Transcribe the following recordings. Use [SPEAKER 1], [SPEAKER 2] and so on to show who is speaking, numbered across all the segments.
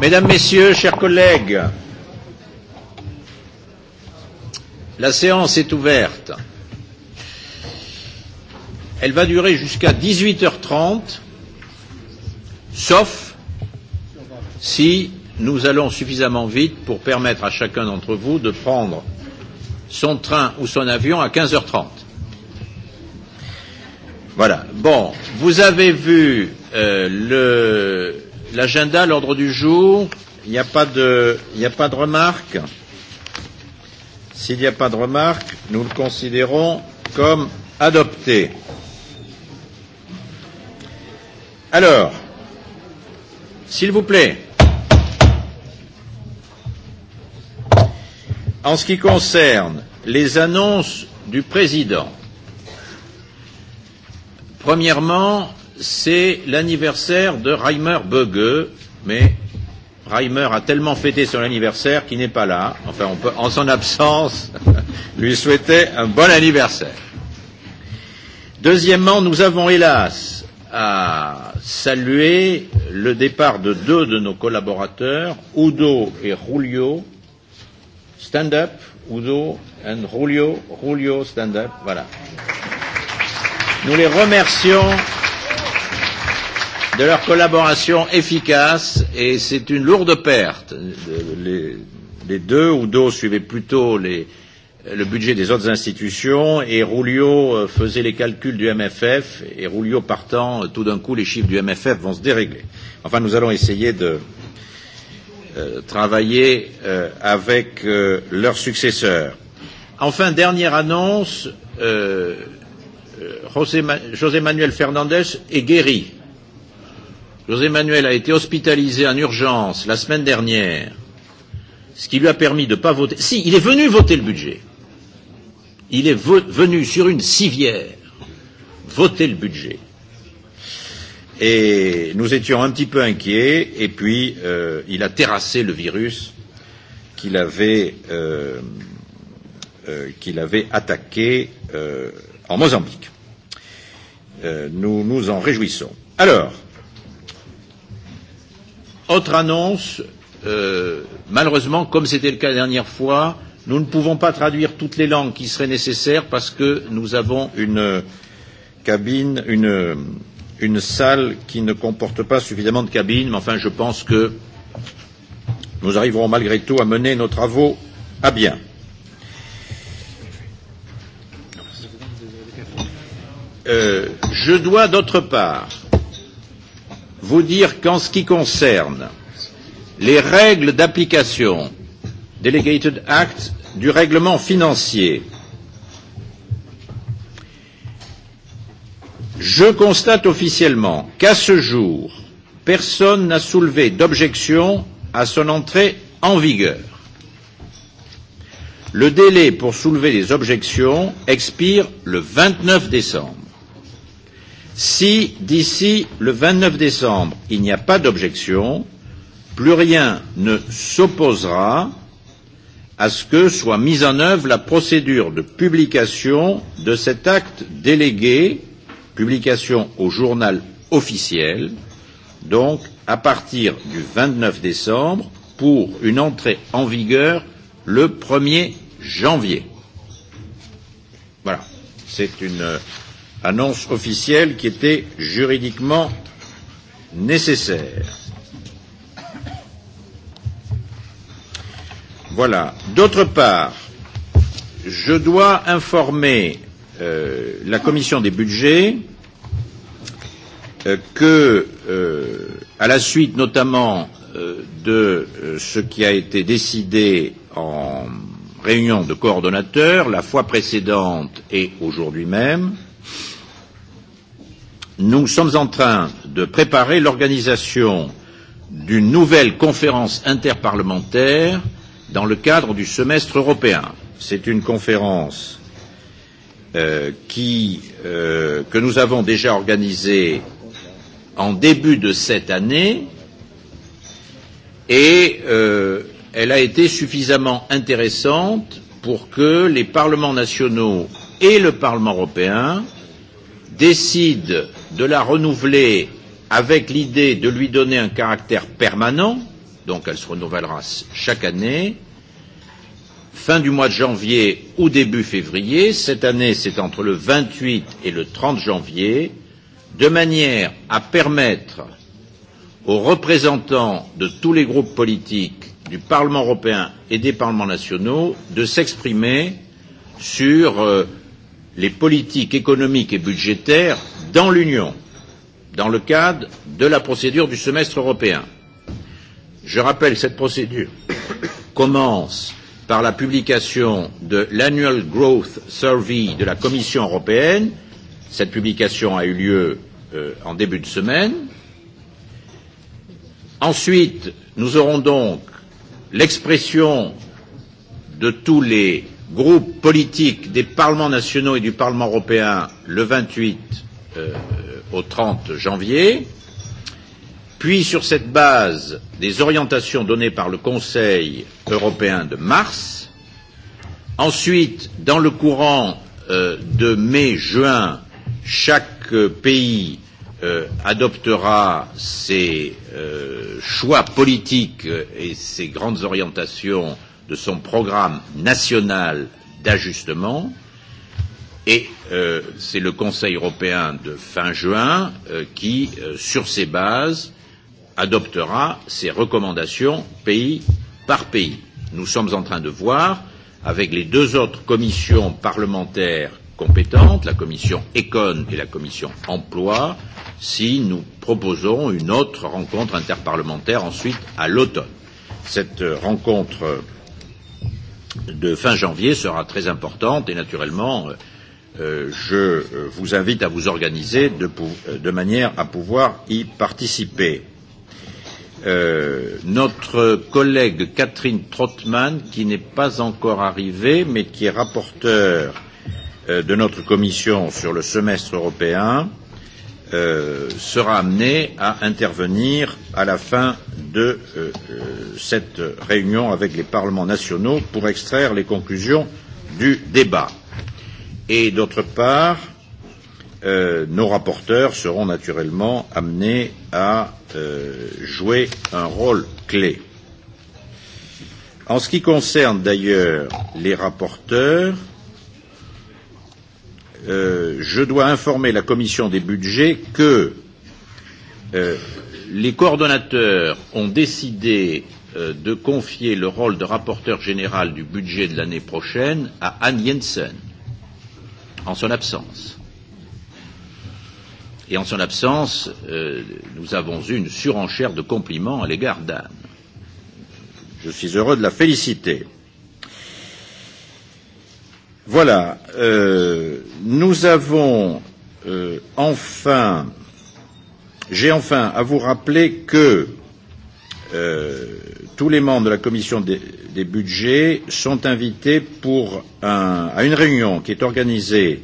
[SPEAKER 1] Mesdames, Messieurs, chers collègues, la séance est ouverte. Elle va durer jusqu'à 18h30, sauf si nous allons suffisamment vite pour permettre à chacun d'entre vous de prendre son train ou son avion à 15h30. Voilà. Bon, vous avez vu euh, le L'agenda, l'ordre du jour, il n'y a, pas de, il n'y a pas de remarques. S'il n'y a pas de remarques, nous le considérons comme adopté. Alors, s'il vous plaît, en ce qui concerne les annonces du président, premièrement, c'est l'anniversaire de Reimer Böge, mais Reimer a tellement fêté son anniversaire qu'il n'est pas là. Enfin, on peut, en son absence, lui souhaiter un bon anniversaire. Deuxièmement, nous avons hélas à saluer le départ de deux de nos collaborateurs, Udo et Julio. Stand up, Udo and Julio. Julio, stand up. Voilà. Nous les remercions de leur collaboration efficace et c'est une lourde perte. Les, les deux, d'autres suivaient plutôt les, le budget des autres institutions et Rulio euh, faisait les calculs du MFF et Rulio partant, euh, tout d'un coup, les chiffres du MFF vont se dérégler. Enfin, nous allons essayer de euh, travailler euh, avec euh, leurs successeurs. Enfin, dernière annonce, euh, euh José, José Manuel Fernandez est guéri José Manuel a été hospitalisé en urgence la semaine dernière, ce qui lui a permis de ne pas voter. Si, il est venu voter le budget. Il est venu sur une civière voter le budget. Et nous étions un petit peu inquiets, et puis euh, il a terrassé le virus qu'il avait, euh, euh, qu avait attaqué euh, en Mozambique. Euh, nous nous en réjouissons. Alors, Autre annonce, euh, malheureusement, comme c'était le cas la dernière fois, nous ne pouvons pas traduire toutes les langues qui seraient nécessaires parce que nous avons une euh, cabine, une, euh, une salle qui ne comporte pas suffisamment de cabines, mais enfin je pense que nous arriverons malgré tout à mener nos travaux à bien. Euh, je dois d'autre part vous dire qu'en ce qui concerne les règles d'application Delegated Act du règlement financier, je constate officiellement qu'à ce jour, personne n'a soulevé d'objection à son entrée en vigueur. Le délai pour soulever des objections expire le 29 décembre. Si d'ici le 29 décembre, il n'y a pas d'objection, plus rien ne s'opposera à ce que soit mise en œuvre la procédure de publication de cet acte délégué, publication au journal officiel, donc à partir du 29 décembre, pour une entrée en vigueur le 1er janvier. Voilà, c'est une euh, annonce officielle qui était juridiquement nécessaire. Voilà. D'autre part, je dois informer euh, la commission des budgets euh, que, euh, à la suite notamment euh, de euh, ce qui a été décidé en réunion de coordonnateurs la fois précédente et aujourd'hui même, euh, nous sommes en train de préparer l'organisation d'une nouvelle conférence interparlementaire dans le cadre du semestre européen. C'est une conférence euh, qui, euh, que nous avons déjà organisée en début de cette année et euh, elle a été suffisamment intéressante pour que les parlements nationaux et le Parlement européen décident de la renouveler avec l'idée de lui donner un caractère permanent, donc elle se renouvellera chaque année, fin du mois de janvier ou début février, cette année c'est entre le 28 et le 30 janvier, de manière à permettre aux représentants de tous les groupes politiques du Parlement européen et des parlements nationaux de s'exprimer sur euh, les politiques économiques et budgétaires dans l'Union, dans le cadre de la procédure du semestre européen. Je rappelle, cette procédure commence par la publication de l'Annual Growth Survey de la Commission européenne. Cette publication a eu lieu euh, en début de semaine. Ensuite, nous aurons donc l'expression de tous les groupes politiques des parlements nationaux et du Parlement européen le 28 euh, au 30 janvier, puis sur cette base des orientations données par le Conseil européen de mars, ensuite dans le courant euh, de mai-juin, chaque euh, pays euh, adoptera ses euh, choix politiques et ses grandes orientations de son programme national d'ajustement. Euh, Et euh, c'est le Conseil européen de fin juin euh, qui, euh, sur ces bases, adoptera ses recommandations pays par pays. Nous sommes en train de voir, avec les deux autres commissions parlementaires compétentes, la commission Econ et la commission Emploi, si nous proposons une autre rencontre interparlementaire ensuite à l'automne. Cette euh, rencontre euh, de fin janvier sera très importante et naturellement euh, Euh, je euh, vous invite à vous organiser de, euh, de manière à pouvoir y participer. Euh, notre collègue Catherine Trottmann, qui n'est pas encore arrivée, mais qui est rapporteure euh, de notre commission sur le semestre européen, euh, sera amenée à intervenir à la fin de euh, cette réunion avec les parlements nationaux pour extraire les conclusions du débat. Et d'autre part, euh, nos rapporteurs seront naturellement amenés à euh, jouer un rôle clé. En ce qui concerne d'ailleurs les rapporteurs, euh, je dois informer la commission des budgets que euh, les coordonnateurs ont décidé euh, de confier le rôle de rapporteur général du budget de l'année prochaine à Anne Jensen. Euh, en son absence. Et en son absence, euh, nous avons eu une surenchère de compliments à l'égard d'Anne. Je suis heureux de la féliciter. Voilà. Euh, nous avons euh, enfin, j'ai enfin à vous rappeler que Euh, tous les membres de la commission des, des budgets sont invités pour un, à une réunion qui est organisée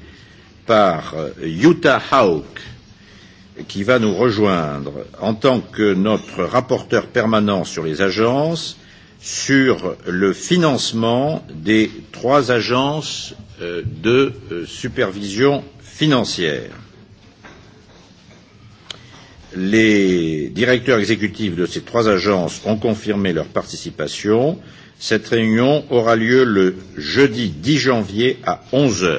[SPEAKER 1] par euh, Utah Hawk, qui va nous rejoindre en tant que notre rapporteur permanent sur les agences sur le financement des trois agences euh, de supervision financière. Les directeurs exécutifs de ces trois agences ont confirmé leur participation. Cette réunion aura lieu le jeudi 10 janvier à 11 h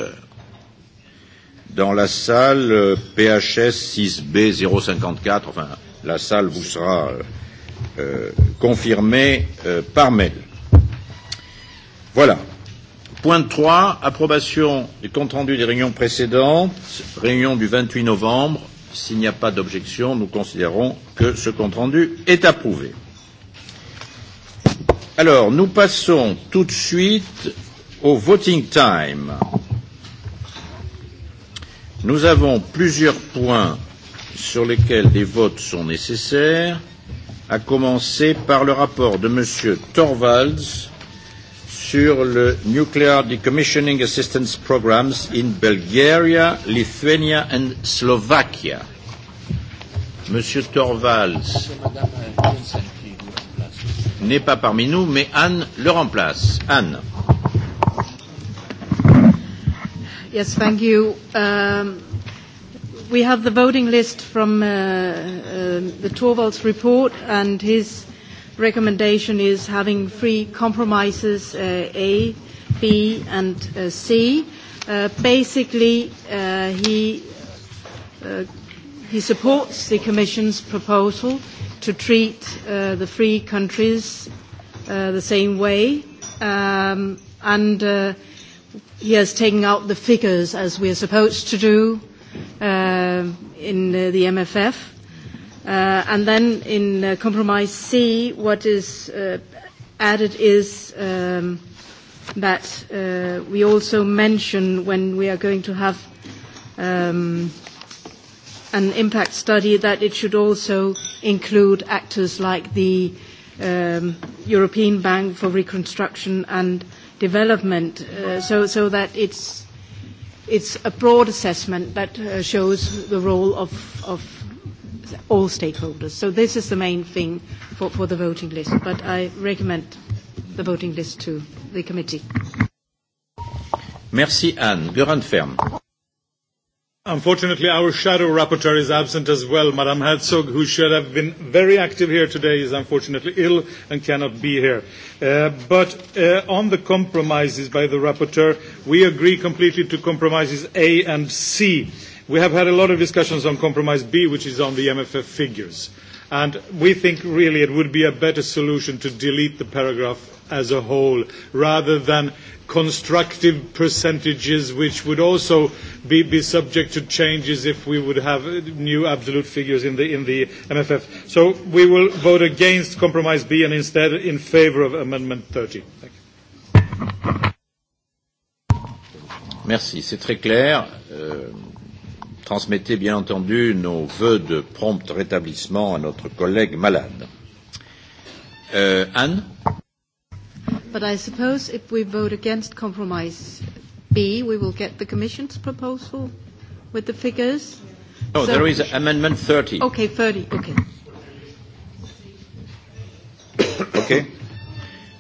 [SPEAKER 1] dans la salle euh, PHS 6B054. Enfin, la salle vous sera euh, euh, confirmée euh, par mail. Voilà. Point 3, approbation du compte rendu des réunions précédentes, réunion du 28 novembre, S'il n'y a pas d'objection, nous considérons que ce compte rendu est approuvé. Alors, nous passons tout de suite au voting time. Nous avons plusieurs points sur lesquels des votes sont nécessaires, à commencer par le rapport de M. Torvalds sur le Nuclear Decommissioning Assistance Programs in Bulgaria, Lithuania and Slovakia. Monsieur Torvalds n'est pas parmi nous, mais Anne le remplace. Anne.
[SPEAKER 2] Yes, thank you. Um, we have the voting list from uh, uh, the Torvalds report and his recommendation is having three compromises, uh, A, B, and uh, C. Uh, basically, uh, he, uh, he supports the Commission's proposal to treat uh, the three countries uh, the same way, um, and uh, he has taken out the figures as we are supposed to do uh, in uh, the MFF. Uh, and then in uh, compromise C, what is uh, added is um, that uh, we also mention when we are going to have um, an impact study that it should also include actors like the um, European Bank for Reconstruction and Development, uh, so, so that it's, it's a broad assessment that uh, shows the role of, of all stakeholders. So this is the main thing for, for the voting list. But I recommend the voting list to the committee.
[SPEAKER 1] Merci Anne. Göran Ferm.
[SPEAKER 3] Unfortunately, our shadow rapporteur is absent as well. Madame Herzog, who should have been very active here today, is unfortunately ill and cannot be here. Uh, but uh, on the compromises by the rapporteur, we agree completely to compromises A and C. We have had a lot of discussions on compromise B, which is on the MFF figures. And we think really it would be a better solution to delete the paragraph as a whole rather than constructive percentages which would also be, be subject to changes if we would have new absolute figures in the, in the MFF. So we will vote against compromise B and instead in favour of amendment 30. Thank you.
[SPEAKER 1] Merci, c'est très clair. Euh, transmettez bien entendu nos vœux de prompt rétablissement à notre collègue malade. Euh, Anne
[SPEAKER 2] But I suppose if we vote against compromise B, we will get the Commission's proposal with the figures. No, so there is
[SPEAKER 1] amendment 30. Okay,
[SPEAKER 2] 30. Okay.
[SPEAKER 1] okay.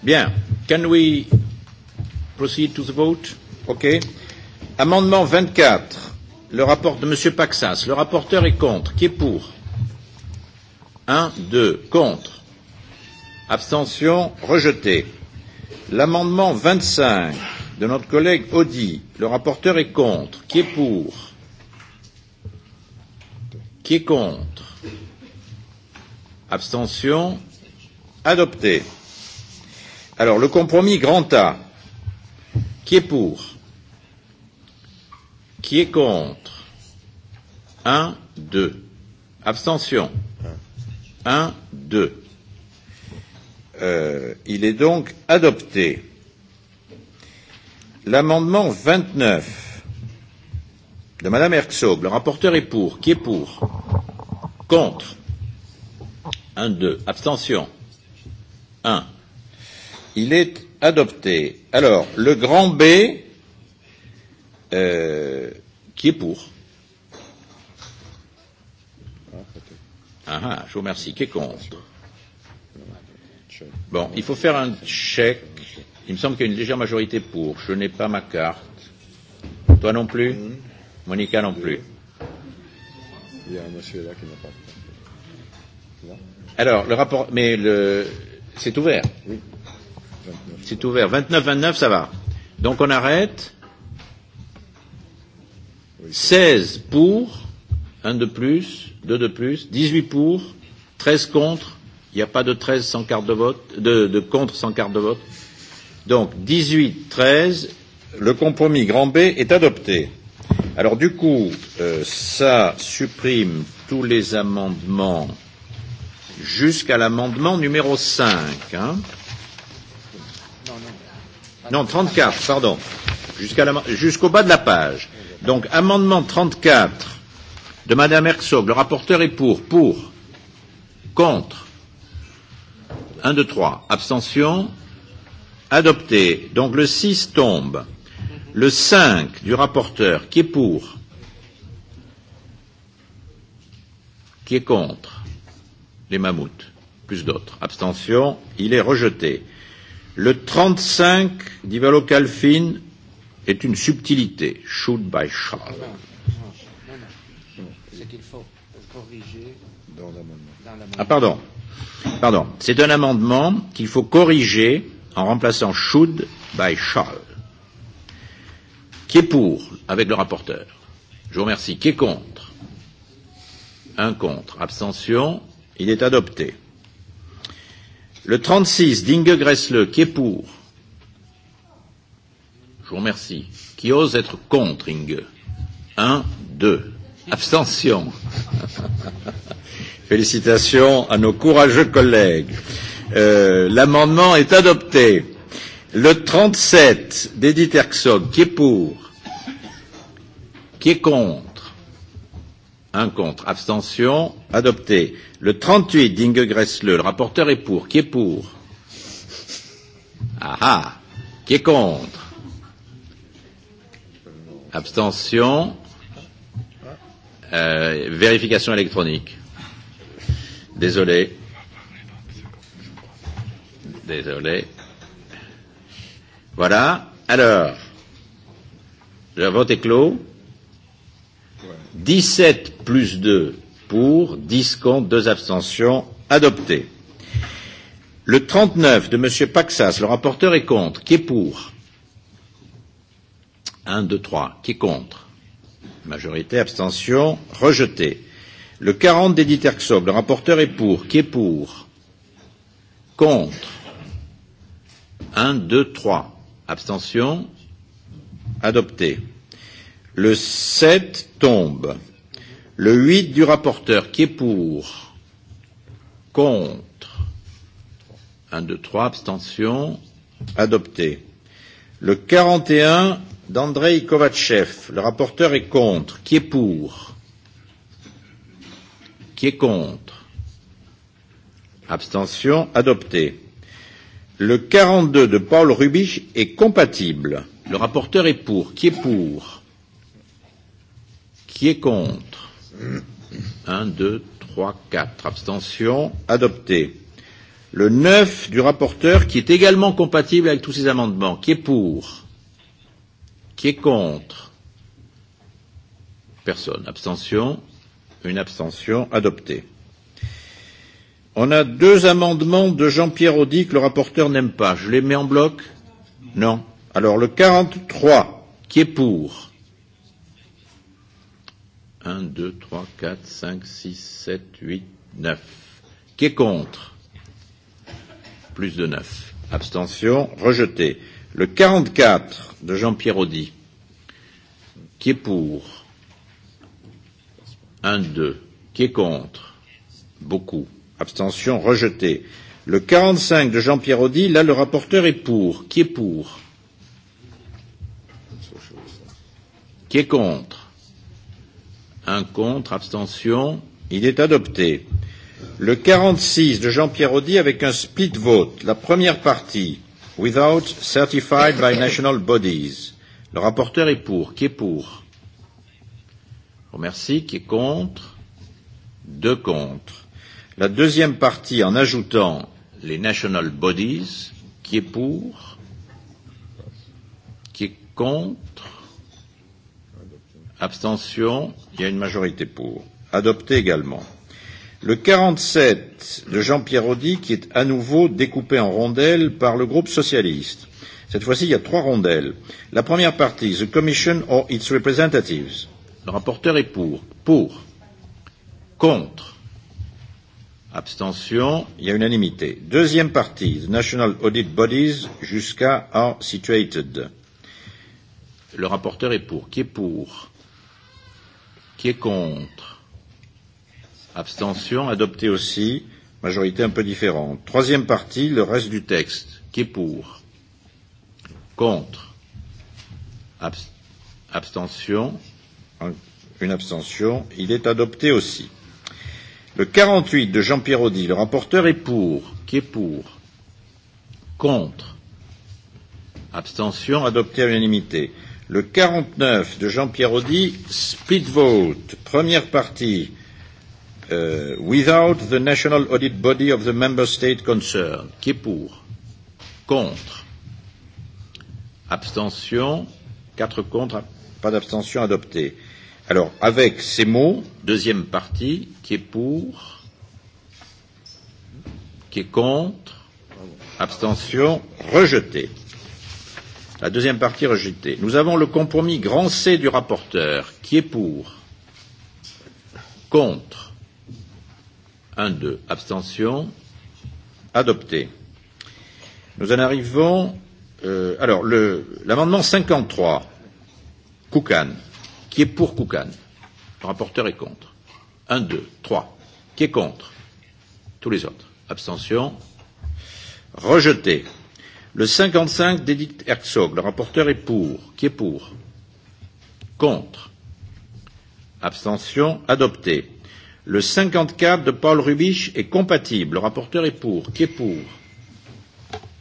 [SPEAKER 1] Bien. Can we proceed to the vote? Okay. Amendement 24 le rapport de M. Paxas. Le rapporteur est contre. Qui est pour Un, deux, contre. Abstention rejeté. L'amendement 25 de notre collègue Audi. Le rapporteur est contre. Qui est pour Qui est contre Abstention adopté. Alors le compromis grand A. Qui est pour Qui est contre 1, 2. Abstention 1, 2. Euh, il est donc adopté. L'amendement 29 de Madame Herzog, le rapporteur est pour. Qui est pour Contre 1, 2. Abstention 1. Il est adopté. Alors, le grand B, Euh, qui est pour ah, ah, Je vous remercie. Qui est contre Bon, il faut faire un check. Il me semble qu'il y a une légère majorité pour. Je n'ai pas ma carte. Toi non plus Monica non plus. Il y a un monsieur là qui n'a pas de Alors, le rapport. Mais le. C'est ouvert. Oui. C'est ouvert. 29-29, ça va. Donc on arrête. 16 pour, 1 de plus, 2 de plus, 18 pour, 13 contre. Il n'y a pas de 13 sans carte de vote, de, de contre sans carte de vote. Donc 18, 13. Le compromis grand B est adopté. Alors du coup, euh, ça supprime tous les amendements jusqu'à l'amendement numéro 5. Hein. Non, 34, pardon. Jusqu'au jusqu bas de la page. Donc, amendement 34 de Madame Herzog. Le rapporteur est pour. Pour. Contre. 1, 2, 3. Abstention. Adopté. Donc, le 6 tombe. Le 5 du rapporteur, qui est pour Qui est contre Les mammouths. Plus d'autres. Abstention. Il est rejeté. Le 35 d'Ivalo Calfin, est une subtilité, shoot by shall. C'est qu'il faut corriger dans l'amendement. Ah pardon, pardon. C'est un amendement qu'il faut corriger en remplaçant should by shall. Qui est pour avec le rapporteur Je vous remercie. Qui est contre Un contre. Abstention. Il est adopté. Le 36, Dinge Gressle, qui est pour Je vous remercie. Qui ose être contre Inge Un, deux. Abstention. Félicitations à nos courageux collègues. Euh, L'amendement est adopté. Le 37 d'Edith Herzog, qui est pour Qui est contre Un contre. Abstention. Adopté. Le 38 d'Inge Gressle, le rapporteur est pour. Qui est pour Ah ah Qui est contre Abstention. Euh, vérification électronique. Désolé. Désolé. Voilà. Alors, le vote est clos. 17 plus 2 pour, 10 contre, 2 abstentions, adoptées. Le 39 de M. Paxas, le rapporteur est contre. Qui est pour 1, 2, 3. Qui est contre Majorité, abstention, rejeté. Le 40 d'Edith Herzog, le rapporteur est pour. Qui est pour Contre 1, 2, 3. Abstention, adopté. Le 7 tombe. Le 8 du rapporteur, qui est pour Contre 1, 2, 3, abstention, adopté. Le 41 d'Andrei Kovatchev. Le rapporteur est contre. Qui est pour Qui est contre Abstention adopté. Le 42 de Paul Rubich est compatible. Le rapporteur est pour. Qui est pour Qui est contre 1, 2, 3, 4. Abstention adopté. Le 9 du rapporteur qui est également compatible avec tous ces amendements. Qui est pour Qui est contre Personne. Abstention Une abstention adoptée. On a deux amendements de Jean-Pierre Audi que le rapporteur n'aime pas. Je les mets en bloc Non. Alors le 43, qui est pour 1, 2, 3, 4, 5, 6, 7, 8, 9. Qui est contre Plus de 9. Abstention, rejeté. Le 44, de Jean-Pierre Audi, qui est pour 1, 2, qui est contre Beaucoup. Abstention rejetée. Le 45 de Jean-Pierre Audi, là le rapporteur est pour. Qui est pour Qui est contre Un contre, abstention. Il est adopté. Le 46 de Jean-Pierre Audi avec un split vote. La première partie without certified by national bodies. Le rapporteur est pour. Qui est pour Remercie. Qui est contre Deux contre. La deuxième partie en ajoutant les national bodies. Qui est pour Qui est contre Abstention. Il y a une majorité pour. Adopté également. Le 47 de Jean-Pierre Audi qui est à nouveau découpé en rondelles par le groupe socialiste. Cette fois-ci, il y a trois rondelles. La première partie, The Commission or its representatives. Le rapporteur est pour. Pour. Contre. Abstention. Il y a unanimité. Deuxième partie, The National Audit Bodies jusqu'à are situated. Le rapporteur est pour. Qui est pour Qui est contre Abstention adopté aussi. Majorité un peu différente. Troisième partie, le reste du texte. Qui est pour Contre Ab Abstention Une abstention. Il est adopté aussi. Le 48 de Jean-Pierre Audi, le rapporteur est pour. Qui est pour Contre Abstention adopté à l'unanimité. Le 49 de Jean-Pierre Audi, speed vote. Première partie uh, without the national audit body of the member state concerned. Qui est pour Contre Abstention Quatre contre, pas d'abstention adoptée. Alors, avec ces mots, deuxième partie, qui est pour Qui est contre Abstention rejetée. La deuxième partie rejetée. Nous avons le compromis grand C du rapporteur. Qui est pour Contre 1, 2. Abstention. Adopté. Nous en arrivons. Euh, alors, l'amendement 53, Koukan. Qui est pour Koukan Le rapporteur est contre. 1, 2, 3. Qui est contre Tous les autres. Abstention. Rejeté. Le 55 d'Edith Herzog, le rapporteur est pour. Qui est pour Contre. Abstention Adopté. Le 54 de Paul Rubich est compatible. Le rapporteur est pour. Qui est pour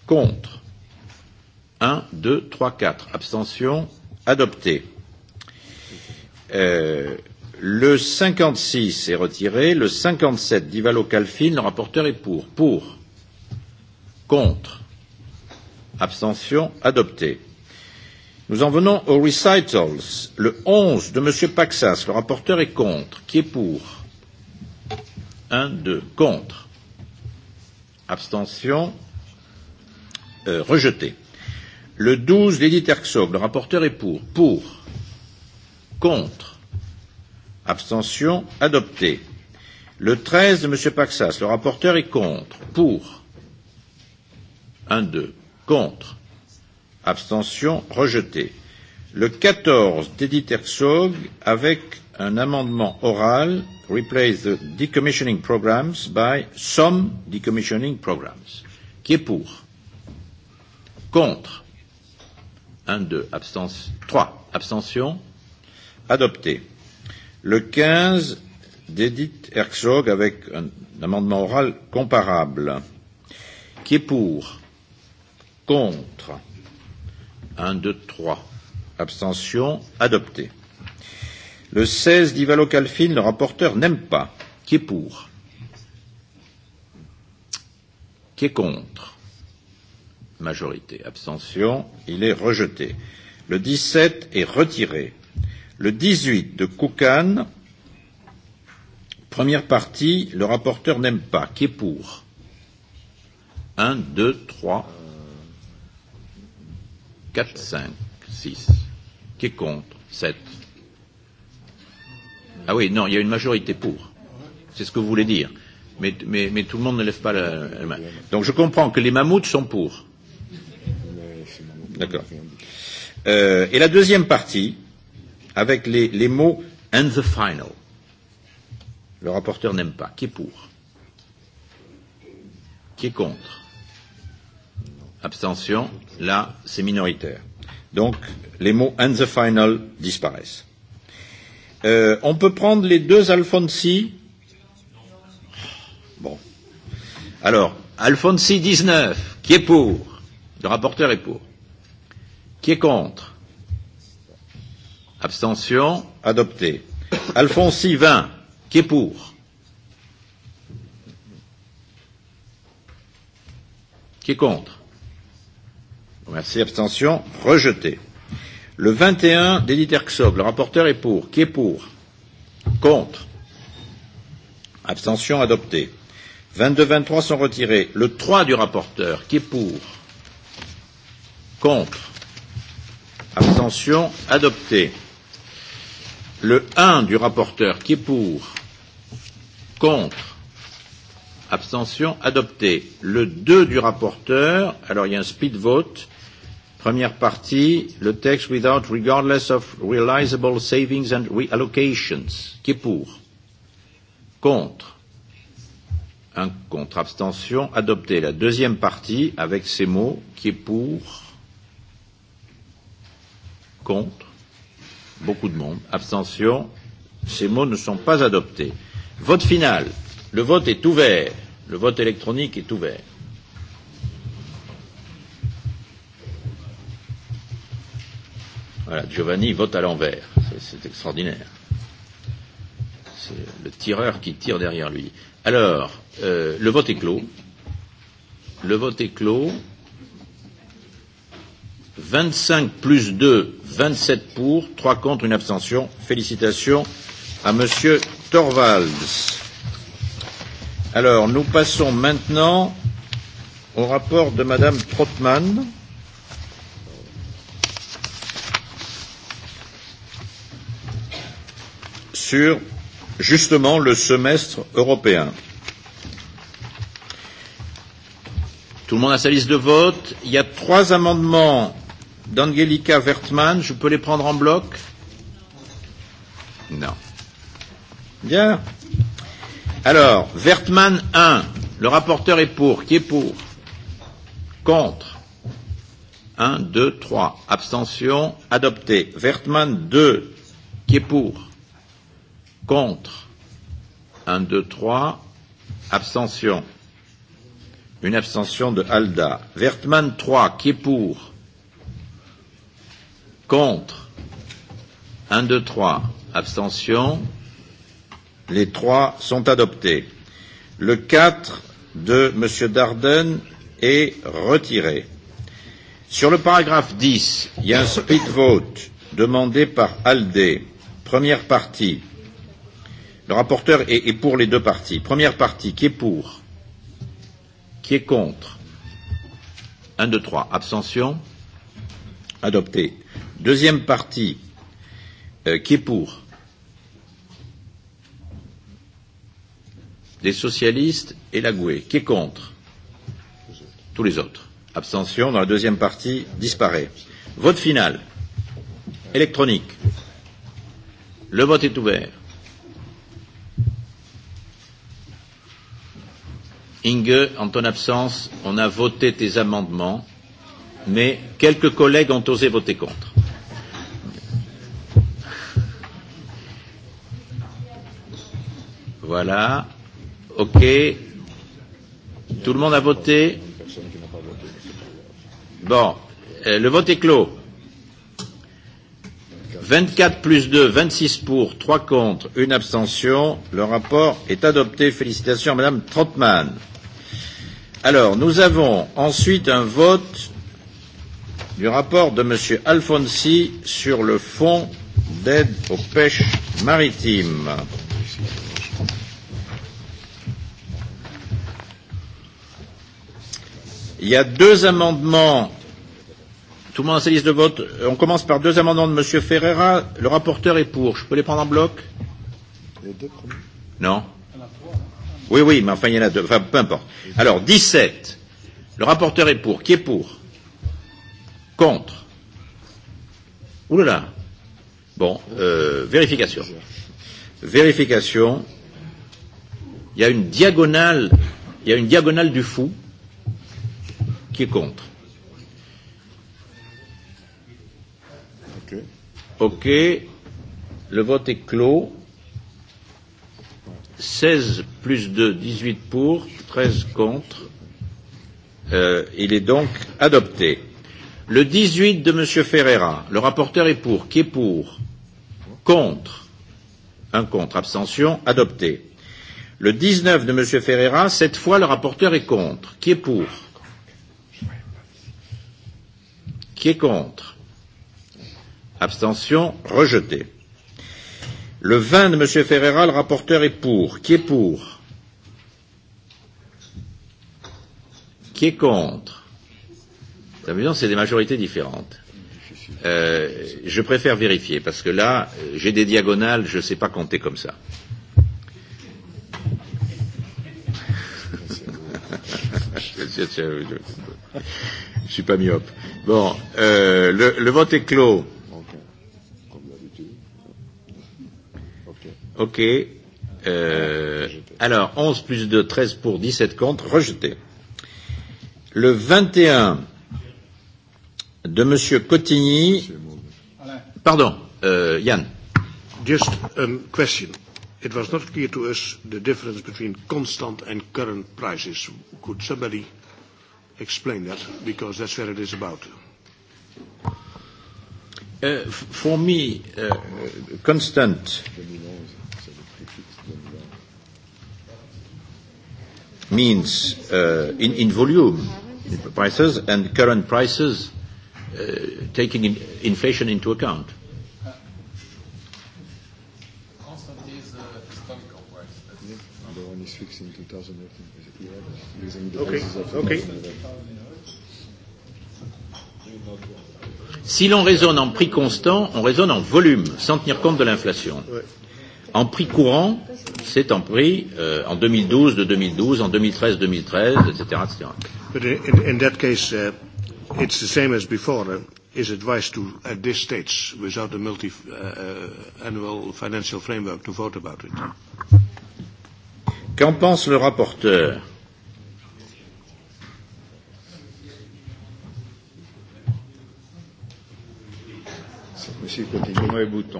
[SPEAKER 1] Contre 1, 2, 3, 4. Abstention adopté. Euh, le 56 est retiré. Le 57 d'Ivalo Calfine. le rapporteur est pour. Pour Contre Abstention adopté. Nous en venons aux recitals. Le 11 de M. Paxas, le rapporteur est contre. Qui est pour 1, 2. Contre. Abstention. Euh, rejeté. Le 12, Lady Terksob, le rapporteur est pour. Pour. Contre. Abstention. Adopté. Le 13 de M. Paxas, le rapporteur est contre. Pour. 1, 2. Contre. Abstention. Rejeté. Le 14, d'Edith Herzog, avec un amendement oral replace the decommissioning programs by some decommissioning programs. Qui est pour Contre 1, 2, abstention. 3, abstention. Adopté. Le 15 d'Edith Herzog avec un, amendement oral comparable. Qui est pour Contre 1, 2, 3. Abstention Adopté. Le 16 d'Ivalo Calfin, le rapporteur n'aime pas. Qui est pour Qui est contre Majorité. Abstention. Il est rejeté. Le 17 est retiré. Le 18 de Koukan, première partie, le rapporteur n'aime pas. Qui est pour 1, 2, 3, 4, 5, 6. Qui est contre 7. Ah oui, non, il y a une majorité pour. C'est ce que vous voulez dire. Mais, mais, mais tout le monde ne lève pas la, la main. Donc je comprends que les mammouths sont pour. D'accord. Euh, et la deuxième partie, avec les, les mots and the final. Le rapporteur n'aime pas. Qui est pour Qui est contre Abstention. Là, c'est minoritaire. Donc, les mots and the final disparaissent. Euh, on peut prendre les deux Alfonsi Bon. Alors, Alfonsi 19, qui est pour Le rapporteur est pour. Qui est contre Abstention Adopté. Alfonsi 20, qui est pour Qui est contre Merci. Abstention Rejeté. Le 21 d'Edith Herzog, le rapporteur est pour. Qui est pour Contre Abstention adoptée. 22-23 sont retirés. Le 3 du rapporteur, qui est pour Contre Abstention adoptée. Le 1 du rapporteur, qui est pour Contre Abstention adoptée. Le 2 du rapporteur, alors il y a un speed vote. Première partie, le texte without regardless of realizable savings and reallocations. Qui est pour Contre Un contre. Abstention. Adopté. La deuxième partie avec ces mots. Qui est pour Contre Beaucoup de monde. Abstention. Ces mots ne sont pas adoptés. Vote final. Le vote est ouvert. Le vote électronique est ouvert. Voilà, Giovanni vote à l'envers. C'est extraordinaire. C'est le tireur qui tire derrière lui. Alors, euh, le vote est clos. Le vote est clos. 25 plus 2, 27 pour, 3 contre, une abstention. Félicitations à Monsieur Torvalds. Alors, nous passons maintenant au rapport de Madame Trottmann sur justement le semestre européen. Tout le monde a sa liste de vote. Il y a trois amendements d'Angelika Wertmann. Je peux les prendre en bloc Non. Bien. Alors, Wertmann 1. Le rapporteur est pour. Qui est pour Contre 1, 2, 3. Abstention. Adopté. Wertmann 2. Qui est pour Contre. 1, 2, 3. Abstention. Une abstention de Alda. Vertman 3, qui est pour Contre. 1, 2, 3. Abstention. Les trois sont adoptés. Le 4 de M. Dardenne est retiré. Sur le paragraphe 10, il y a un split vote demandé par ALDE. Première partie. Le rapporteur est, est pour les deux parties. Première partie, qui est pour Qui est contre 1, 2, 3. Abstention Adopté. Deuxième partie, euh, qui est pour Les socialistes et la Goué. E. Qui est contre Tous les autres. Abstention dans la deuxième partie disparaît. Vote final. Électronique. Le vote est ouvert. Inge, en ton absence, on a voté tes amendements, mais quelques collègues ont osé voter contre. Voilà. OK. Tout le monde a voté Bon. Euh, le vote est clos. 24 plus 2, 26 pour, 3 contre, 1 abstention. Le rapport est adopté. Félicitations à Madame Trottmann. Alors, nous avons ensuite un vote du rapport de M. Alfonsi sur le fonds d'aide aux pêches maritimes. Il y a deux amendements. Tout le monde a sa liste de vote. On commence par deux amendements de M. Ferreira. Le rapporteur est pour. Je peux les prendre en bloc Les deux premiers Non. Oui, oui, mais enfin, il y en a deux. Enfin, peu importe. Alors, 17. Le rapporteur est pour. Qui est pour Contre Ouh là là. Bon, euh, vérification. Vérification. Il y a une diagonale, il y a une diagonale du fou qui est contre. Ok. Le vote est clos. 16 plus 2, 18 pour, 13 contre. Euh, il est donc adopté. Le 18 de M. Ferreira, le rapporteur est pour. Qui est pour Contre. Un contre. Abstention. Adopté. Le 19 de M. Ferreira, cette fois le rapporteur est contre. Qui est pour Qui est contre Abstention Rejeté. Le 20 de M. Ferreira, le rapporteur est pour. Qui est pour Qui est contre C'est amusant, c'est des majorités différentes. Euh, je préfère vérifier parce que là, j'ai des diagonales, je ne sais pas compter comme ça. je ne suis pas myope. Bon, euh, le, le vote est clos. Ok. Euh, alors, 11 plus 2, 13 pour, 17 contre, rejeté. Le 21 de M. Cotigny. Pardon, euh, Yann. Just
[SPEAKER 3] a question. It was not clear to us the difference between constant and current prices.
[SPEAKER 1] Could somebody explain that? Because that's what it is about. Uh, for me, uh, constant means uh, in, volume prices and current prices uh, taking inflation into account. Uh,
[SPEAKER 4] fixed in 2011 using the okay. of okay. Okay.
[SPEAKER 1] Si l'on raisonne en prix constant, on raisonne en volume, sans tenir compte de l'inflation. Ouais. En prix courant, c'est en prix euh, en 2012 de 2012, en 2013 2013, etc. etc.
[SPEAKER 3] But in, in that case, uh, it's the same as before. Uh, is advised to, at this stage, without the multi-annual uh, uh financial
[SPEAKER 1] framework, to vote about it. Qu'en pense le rapporteur
[SPEAKER 5] Monsieur Cotignon et Bouton.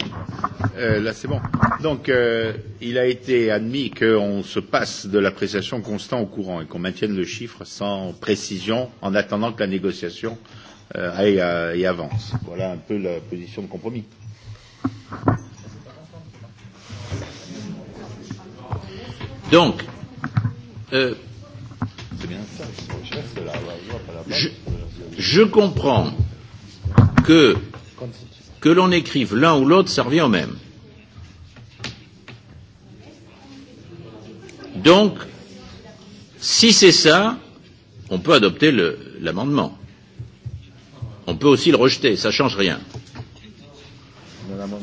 [SPEAKER 5] Euh, là, c'est bon. Donc, euh, il a été admis qu'on se passe de l'appréciation constant au courant et qu'on maintienne le chiffre sans précision en attendant que la négociation euh, aille à, et avance. Voilà un peu la position de compromis.
[SPEAKER 1] Donc, euh, je, je comprends que Que l'on écrive l'un ou l'autre, ça revient au même. Donc, si c'est ça, on peut adopter l'amendement. On peut aussi le rejeter, ça ne change rien.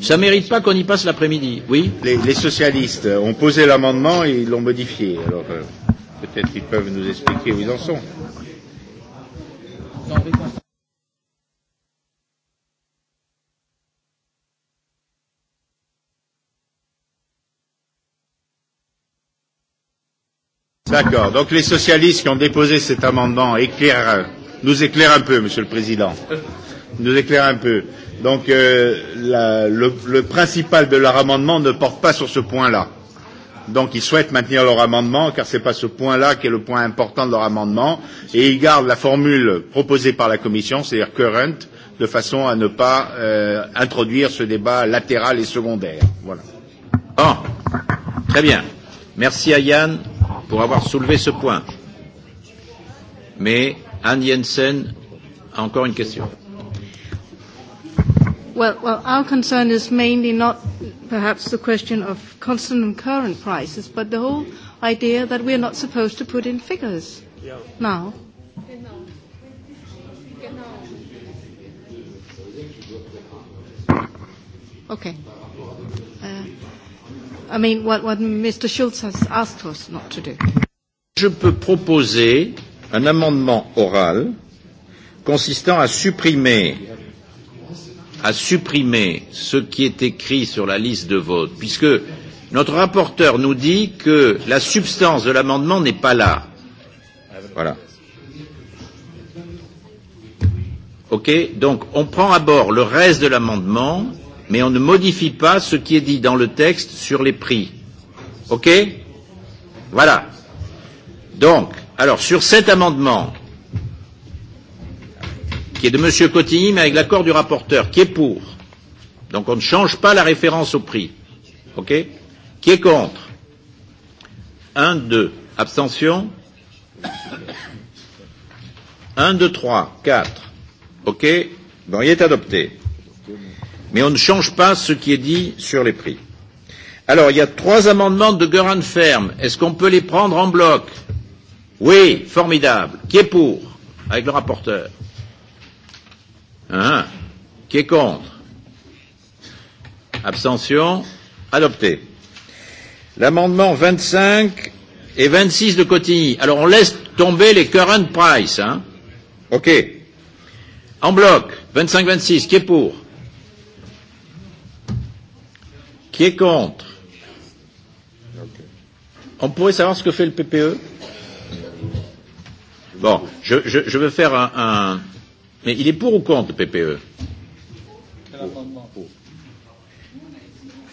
[SPEAKER 1] Ça ne mérite pas qu'on y passe l'après-midi,
[SPEAKER 5] oui les, les socialistes ont posé l'amendement et ils l'ont modifié. Alors, euh, peut-être qu'ils peuvent nous expliquer où ils en sont. D'accord. Donc les socialistes qui ont déposé cet amendement éclairent, nous éclairent un peu, Monsieur le Président. Nous éclairent un peu. Donc euh, la, le, le principal de leur amendement ne porte pas sur ce point-là. Donc ils souhaitent maintenir leur amendement car ce n'est pas ce point-là qui est le point important de leur amendement et ils gardent la formule proposée par la Commission, c'est-à-dire current, de façon à ne pas euh, introduire ce débat latéral et secondaire. Voilà.
[SPEAKER 1] Bon. Très bien. Merci à Yann pour avoir soulevé ce point. Mais Anne Jensen a encore une question.
[SPEAKER 2] Well, well, our concern is mainly not perhaps the question of constant and current prices, but the whole idea that we are not supposed to put in figures yeah. now. Okay. I mean, what, what Mr. Schulz has asked us not to do. Je peux
[SPEAKER 1] proposer un amendement oral consistant à supprimer à supprimer ce qui est écrit sur la liste de vote, puisque notre rapporteur nous dit que la substance de l'amendement n'est pas là. Voilà. OK Donc, on prend à bord le reste de l'amendement mais on ne modifie pas ce qui est dit dans le texte sur les prix. OK Voilà. Donc, alors sur cet amendement, qui est de M. Cotilly, mais avec l'accord du rapporteur, qui est pour Donc on ne change pas la référence au prix. OK Qui est contre 1, 2. Abstention 1, 2, 3, 4. OK Bon, il est adopté mais on ne change pas ce qui est dit sur les prix. Alors, il y a trois amendements de Göran Ferme. Est-ce qu'on peut les prendre en bloc Oui, formidable. Qui est pour Avec le rapporteur. Hein Qui est contre Abstention Adopté. L'amendement 25 et 26 de Cotigny. Alors, on laisse tomber les current price. Hein OK. En bloc, 25-26, qui est pour Qui est contre okay. On pourrait savoir ce que fait le PPE Bon, je, je, je veux faire un, un... Mais il est pour ou contre le PPE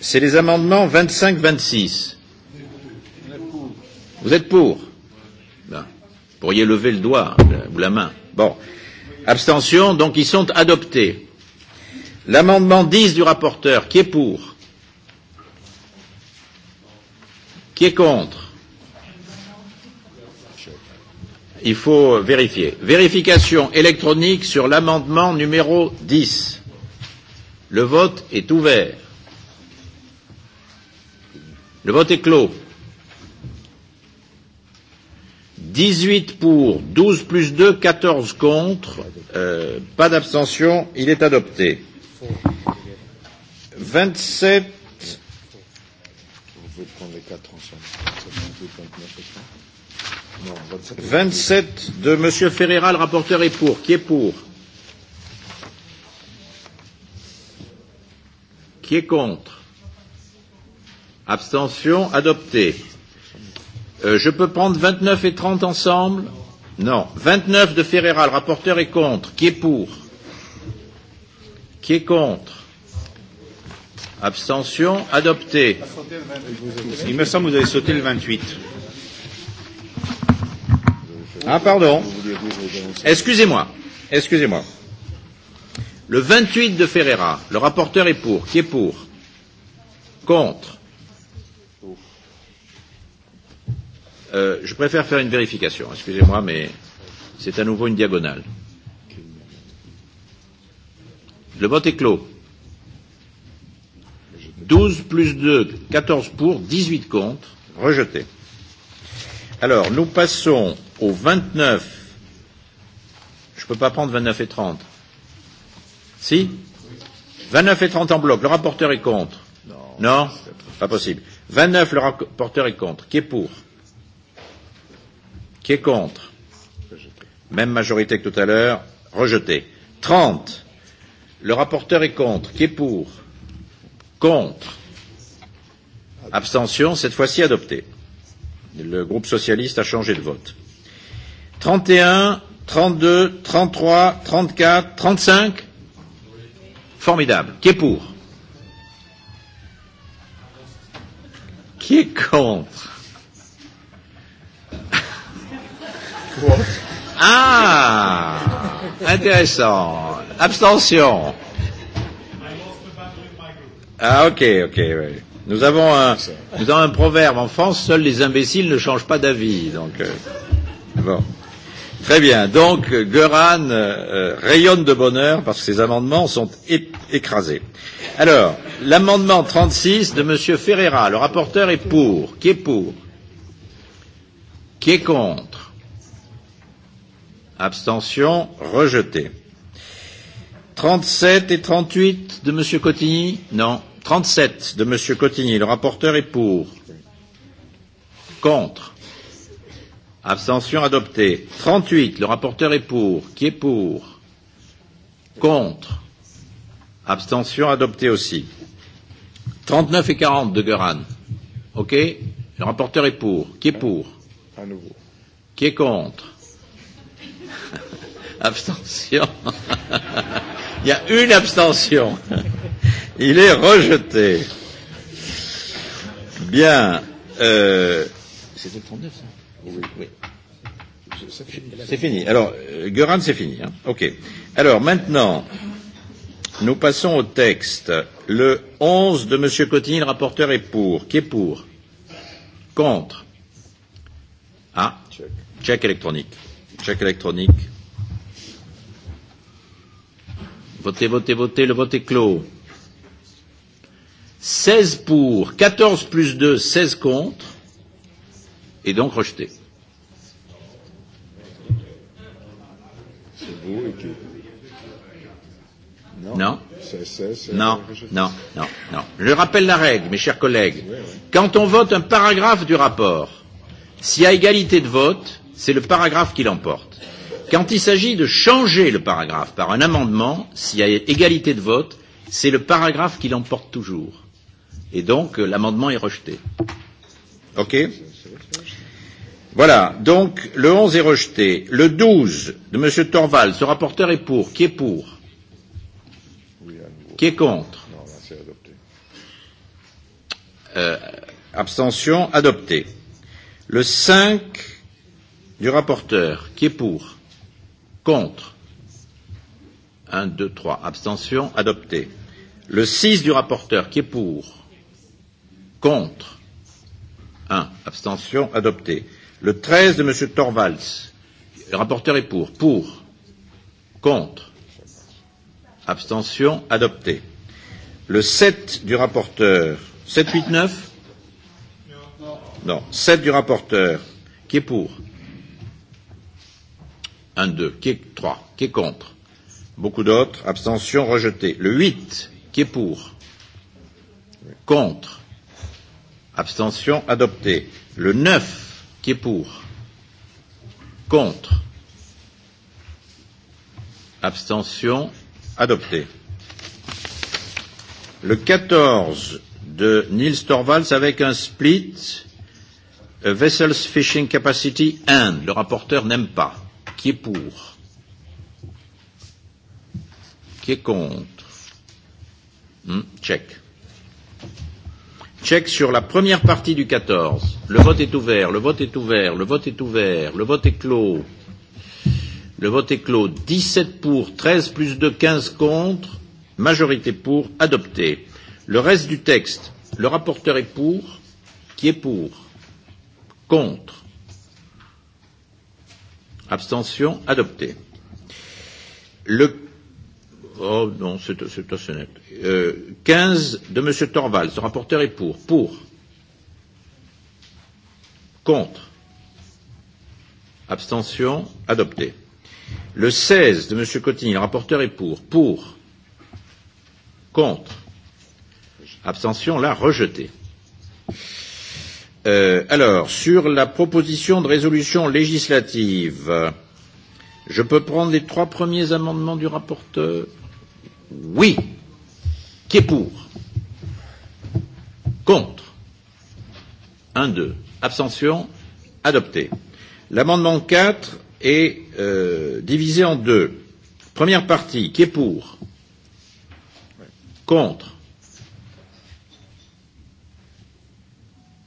[SPEAKER 1] C'est les amendements 25-26. Vous êtes pour ben, Vous pourriez lever le doigt euh, ou la main. Bon. Abstention, donc ils sont adoptés. L'amendement 10 du rapporteur, qui est pour Qui est contre Il faut vérifier. Vérification électronique sur l'amendement numéro 10. Le vote est ouvert. Le vote est clos. 18 pour, 12 plus 2, 14 contre, euh, pas d'abstention, il est adopté. 27 24 27 de M. Ferreira, le rapporteur est pour. Qui est pour Qui est contre Abstention adoptée. Euh, je peux prendre 29 et 30 ensemble Non. 29 de Ferreira, le rapporteur est contre. Qui est pour Qui est contre Abstention adopté. Il me semble que vous avez sauté le 28. Ah, pardon. Excusez-moi. Excusez-moi. Le 28 de Ferreira, le rapporteur est pour. Qui est pour Contre euh, Je préfère faire une vérification. Excusez-moi, mais c'est à nouveau une diagonale. Le vote est clos. 12 plus 2, 14 pour, 18 contre. Rejeté. Alors, nous passons au 29. Je ne peux pas prendre 29 et 30. Si 29 et 30 en bloc. Le rapporteur est contre. Non, non Pas possible. 29, le rapporteur est contre. Qui est pour Qui est contre Même majorité que tout à l'heure. Rejeté. 30. Le rapporteur est contre. Qui est pour Contre. Abstention, cette fois-ci adopté. Le groupe socialiste a changé de vote. 31, 32, 33, 34, 35. Formidable. Qui est pour Qui est contre Ah Intéressant. Abstention. Ah ok, ok, oui. Nous avons un, nous avons un proverbe en France, seuls les imbéciles ne changent pas d'avis. Donc, euh, bon. Très bien. Donc, Göran euh, rayonne de bonheur parce que ses amendements sont écrasés. Alors, l'amendement 36 de Monsieur Ferreira, le rapporteur est pour. Qui est pour Qui est contre Abstention rejetée. 37 et 38 de Monsieur Cotigny Non. 37 de Monsieur Cotigny, le rapporteur est pour. Contre. Abstention adoptée. 38, le rapporteur est pour. Qui est pour Contre. Abstention adoptée aussi. 39 et 40 de Guerin. OK Le rapporteur est pour. Qui est pour À nouveau. Qui est contre Abstention. Il y a une abstention. Il est rejeté. Bien. Euh... C'était le 39, ça Oui, oui. C'est fini. Alors, euh, Göran, c'est fini. Hein. OK. Alors, maintenant, nous passons au texte. Le 11 de M. Cotigny, le rapporteur, est pour. Qui est pour Contre Ah, check électronique. Check électronique. Votez, votez, votez. Le vote est clos. 16 pour, 14 plus 2, 16 contre, et donc rejeté. Non. Non.
[SPEAKER 4] C'est, c'est, c'est non. non,
[SPEAKER 1] non, non. Je rappelle la règle, mes chers collègues. Oui, oui. Quand on vote un paragraphe du rapport, s'il y a égalité de vote, c'est le paragraphe qui l'emporte. Quand il s'agit de changer le paragraphe par un amendement, s'il y a égalité de vote, c'est le paragraphe qui l'emporte toujours. Et donc, euh, l'amendement est rejeté. OK Voilà. Donc, le 11 est rejeté. Le 12 de M. Torval, ce rapporteur est pour. Qui est pour Qui est contre euh, Abstention adoptée. Le 5 du rapporteur, qui est pour Contre 1, 2, 3. Abstention adoptée. Le 6 du rapporteur, qui est pour Contre. 1. Abstention. Adopté. Le 13 de M. Torvalds. Le rapporteur est pour. Pour. Contre. Abstention. Adopté. Le 7 du rapporteur. 7, 8, 9 Non. 7 du rapporteur. Qui est pour 1, 2. Qui est 3 Qui est contre Beaucoup d'autres. Abstention rejetée. Le 8. Qui est pour Contre Abstention adopté. Le 9, qui est pour Contre Abstention adopté. Le 14 de Niels Torvalds avec un split a euh, Vessels Fishing Capacity and, Le rapporteur n'aime pas. Qui est pour Qui est contre hmm, Check. Check sur la première partie du 14. Le vote est ouvert, le vote est ouvert, le vote est ouvert, le vote est clos. Le vote est clos. 17 pour, 13 plus 2, 15 contre. Majorité pour, adopté. Le reste du texte, le rapporteur est pour. Qui est pour Contre. Abstention, adopté. Le Oh non, c'est assez net. Euh, 15 de M. Torval, ce rapporteur est pour. Pour. Contre. Abstention. Adopté. Le 16 de M. Cotigny, le rapporteur est pour. Pour. Contre. Abstention. Là, rejeté. Euh, alors, sur la proposition de résolution législative, je peux prendre les trois premiers amendements du rapporteur Oui. Qui est pour Contre 1, 2. Abstention Adopté. L'amendement 4 est euh, divisé en deux. Première partie, qui est pour Contre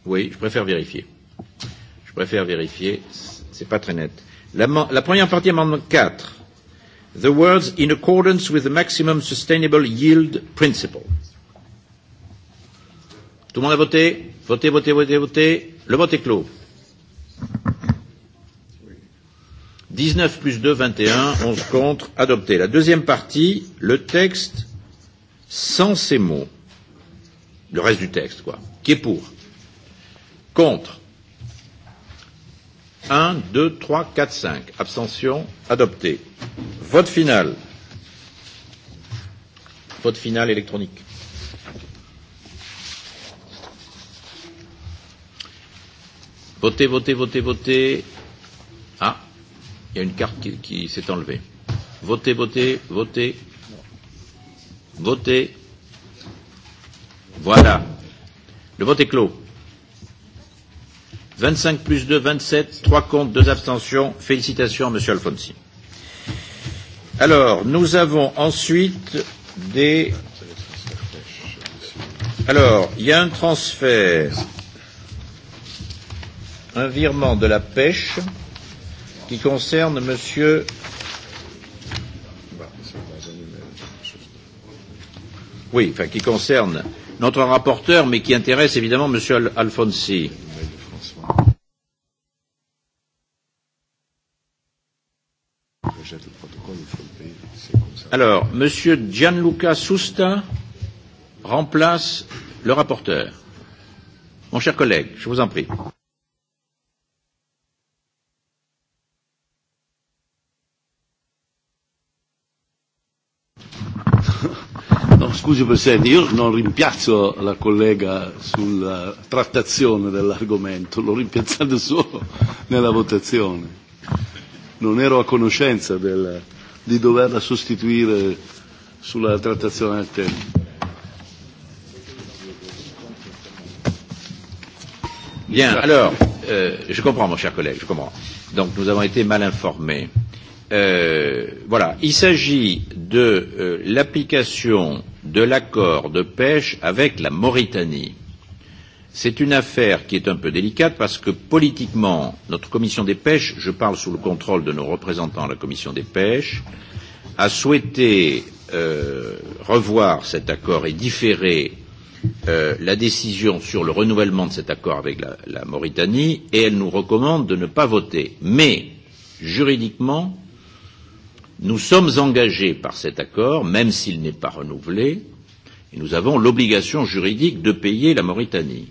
[SPEAKER 1] Oui, je préfère vérifier. Je préfère vérifier, c'est pas très net. La, la première partie, amendement 4 the words in accordance with the maximum sustainable yield principle. Tout le monde a voté Votez, votez, votez, votez. Le vote est clos. 19 plus 2, 21, 11 contre, adopté. La deuxième partie, le texte sans ces mots. Le reste du texte, quoi. Qui est pour Contre 1, 2, 3, 4, 5. Abstention adoptée. Vote final. Vote final électronique. Votez, votez, votez, votez. Ah, il y a une carte qui, qui s'est enlevée. Votez, votez, votez. Votez. Voilà. Le vote est clos. 25 plus 2, 27, 3 contre, 2 abstentions. Félicitations à M. Alfonsi. Alors, nous avons ensuite des... Alors, il y a un transfert, un virement de la pêche qui concerne Monsieur Oui, enfin qui concerne notre rapporteur, mais qui intéresse évidemment Monsieur Al Alfonsi. Alors, Monsieur Gianluca Susta remplace le rapporteur. Mon cher collègue, je vous en prie.
[SPEAKER 5] scusi Presidente, io non rimpiazzo la collega sulla trattazione dell'argomento, l'ho rimpiazzato solo nella votazione. Non ero a conoscenza del, di doverla sostituire sulla
[SPEAKER 1] trattazione del tema. Bien, alors, euh, je comprends, mon cher collègue, je comprends. Donc, nous avons été mal informés. Euh, voilà, il s'agit de euh, l'application de l'accord de pêche avec la Mauritanie. C'est une affaire qui est un peu délicate parce que politiquement, notre commission des pêches, je parle sous le contrôle de nos représentants à la commission des pêches, a souhaité euh, revoir cet accord et différer euh, la décision sur le renouvellement de cet accord avec la, la Mauritanie et elle nous recommande de ne pas voter. Mais, juridiquement, nous sommes engagés par cet accord, même s'il n'est pas renouvelé, et nous avons l'obligation juridique de payer la Mauritanie.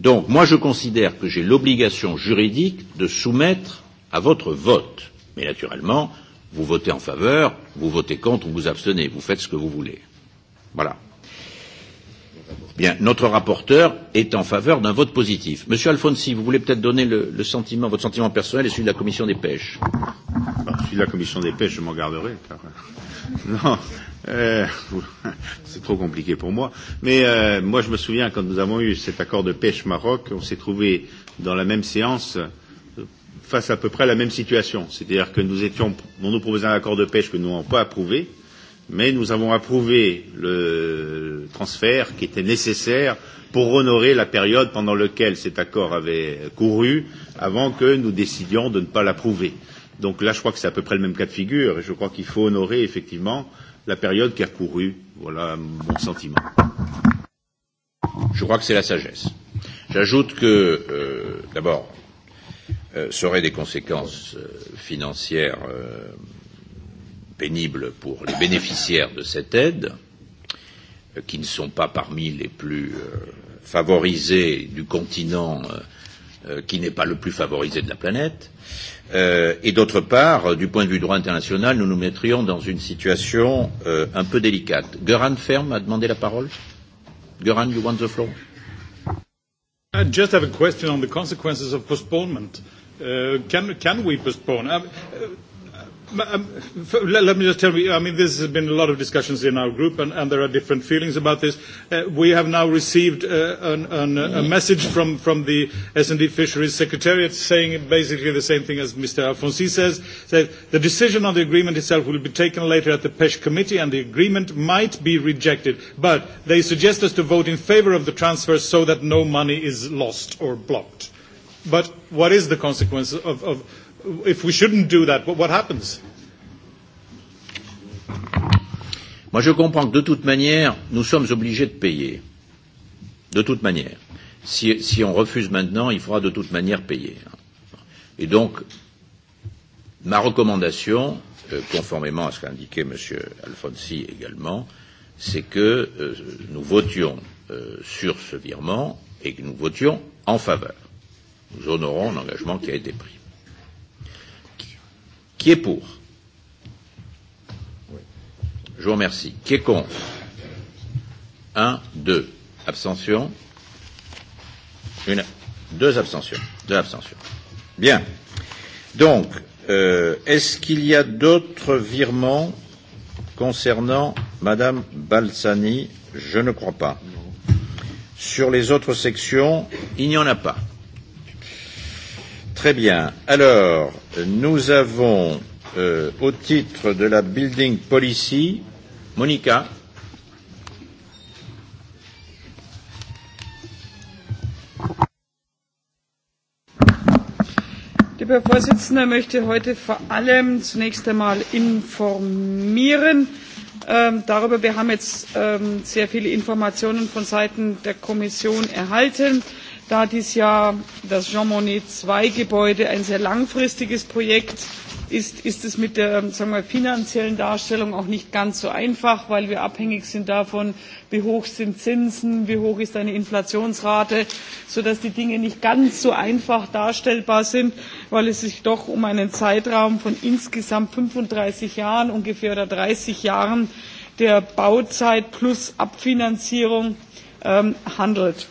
[SPEAKER 1] Donc, moi, je considère que j'ai l'obligation juridique de soumettre à votre vote. Mais naturellement, vous votez en faveur, vous votez contre, vous vous abstenez, vous faites ce que vous voulez. Voilà. Bien, notre rapporteur est en faveur d'un vote positif. Monsieur Alfonsi, vous voulez peut-être donner le, le sentiment, votre sentiment personnel et celui de la commission des pêches. Bon, celui de la commission des pêches, je m'en garderai. Car... Euh, non,
[SPEAKER 5] Euh, c'est trop compliqué pour moi. Mais euh, moi, je me souviens quand nous avons eu cet accord de pêche Maroc, on s'est trouvé dans la même séance euh, face à peu près à la même situation. C'est-à-dire que nous étions, on nous proposait un accord de pêche que nous n'avons pas approuvé, mais nous avons approuvé le transfert qui était nécessaire pour honorer la période pendant laquelle cet accord avait couru avant que nous décidions de ne pas l'approuver. Donc là, je crois que c'est à peu près le même cas de figure et je crois qu'il faut honorer effectivement euh, la période
[SPEAKER 1] qui a couru. Voilà mon sentiment. Je crois que c'est la sagesse. J'ajoute que, euh, d'abord, euh, ça aurait des conséquences euh, financières euh, pénibles pour les bénéficiaires de cette aide, euh, qui ne sont pas parmi les plus euh, favorisés du continent euh, Euh, qui n'est pas le plus favorisé de la planète. Euh, et d'autre part, euh, du point de vue droit international, nous nous mettrions dans une situation euh, un peu délicate. Göran Ferm a demandé la parole. Göran, you want the floor? I just have a question on the consequences of postponement. Uh, can, can we
[SPEAKER 3] postpone? Um, uh, uh, Um, let me just tell you, I mean, this has been a lot of discussions in our group, and, there are different feelings about this. Uh, we have now received uh, a message from, the S&D Fisheries Secretariat saying basically the same thing as Mr. Alfonsi says, says, the decision on the agreement itself will be taken later at the PESH committee, and the agreement might be rejected. But they suggest us to vote in favor of the transfer so that no money is lost or blocked. But what is the consequence of if we shouldn't do that, what happens?
[SPEAKER 1] Moi, je comprends que de toute manière, nous sommes obligés de payer. De toute manière. Si, si on refuse maintenant, il faudra de toute manière payer. Et donc, ma recommandation, euh, conformément à ce qu'a indiqué M. Alfonsi également, c'est que euh, nous votions euh, sur ce virement et que nous votions en faveur. Nous honorons l'engagement qui a été pris. Qui est pour Je vous remercie. Qui est contre Un, deux. Abstention. Une, deux abstentions. Deux abstentions. Bien. Donc, euh, est-ce qu'il y a d'autres virements concernant Madame Balsani Je ne crois pas. Sur les autres sections, il n'y en a pas. Très bien. Alors, nous avons euh, au titre de la Building Policy,
[SPEAKER 6] Monica. Lieber Herr Vorsitzender, möchte heute vor allem zunächst einmal informieren. Ähm, darüber, wir haben jetzt ähm, sehr viele Informationen von Seiten der Kommission erhalten da dies ja das Jean Monnet II Gebäude ein sehr langfristiges Projekt ist, ist es mit der ähm, sagen wir, finanziellen Darstellung auch nicht ganz so einfach, weil wir abhängig sind davon, wie hoch sind Zinsen, wie hoch ist eine Inflationsrate, sodass die Dinge nicht ganz so einfach darstellbar sind, weil es sich doch um einen Zeitraum von insgesamt 35 Jahren ungefähr oder 30 Jahren der Bauzeit plus Abfinanzierung ähm, handelt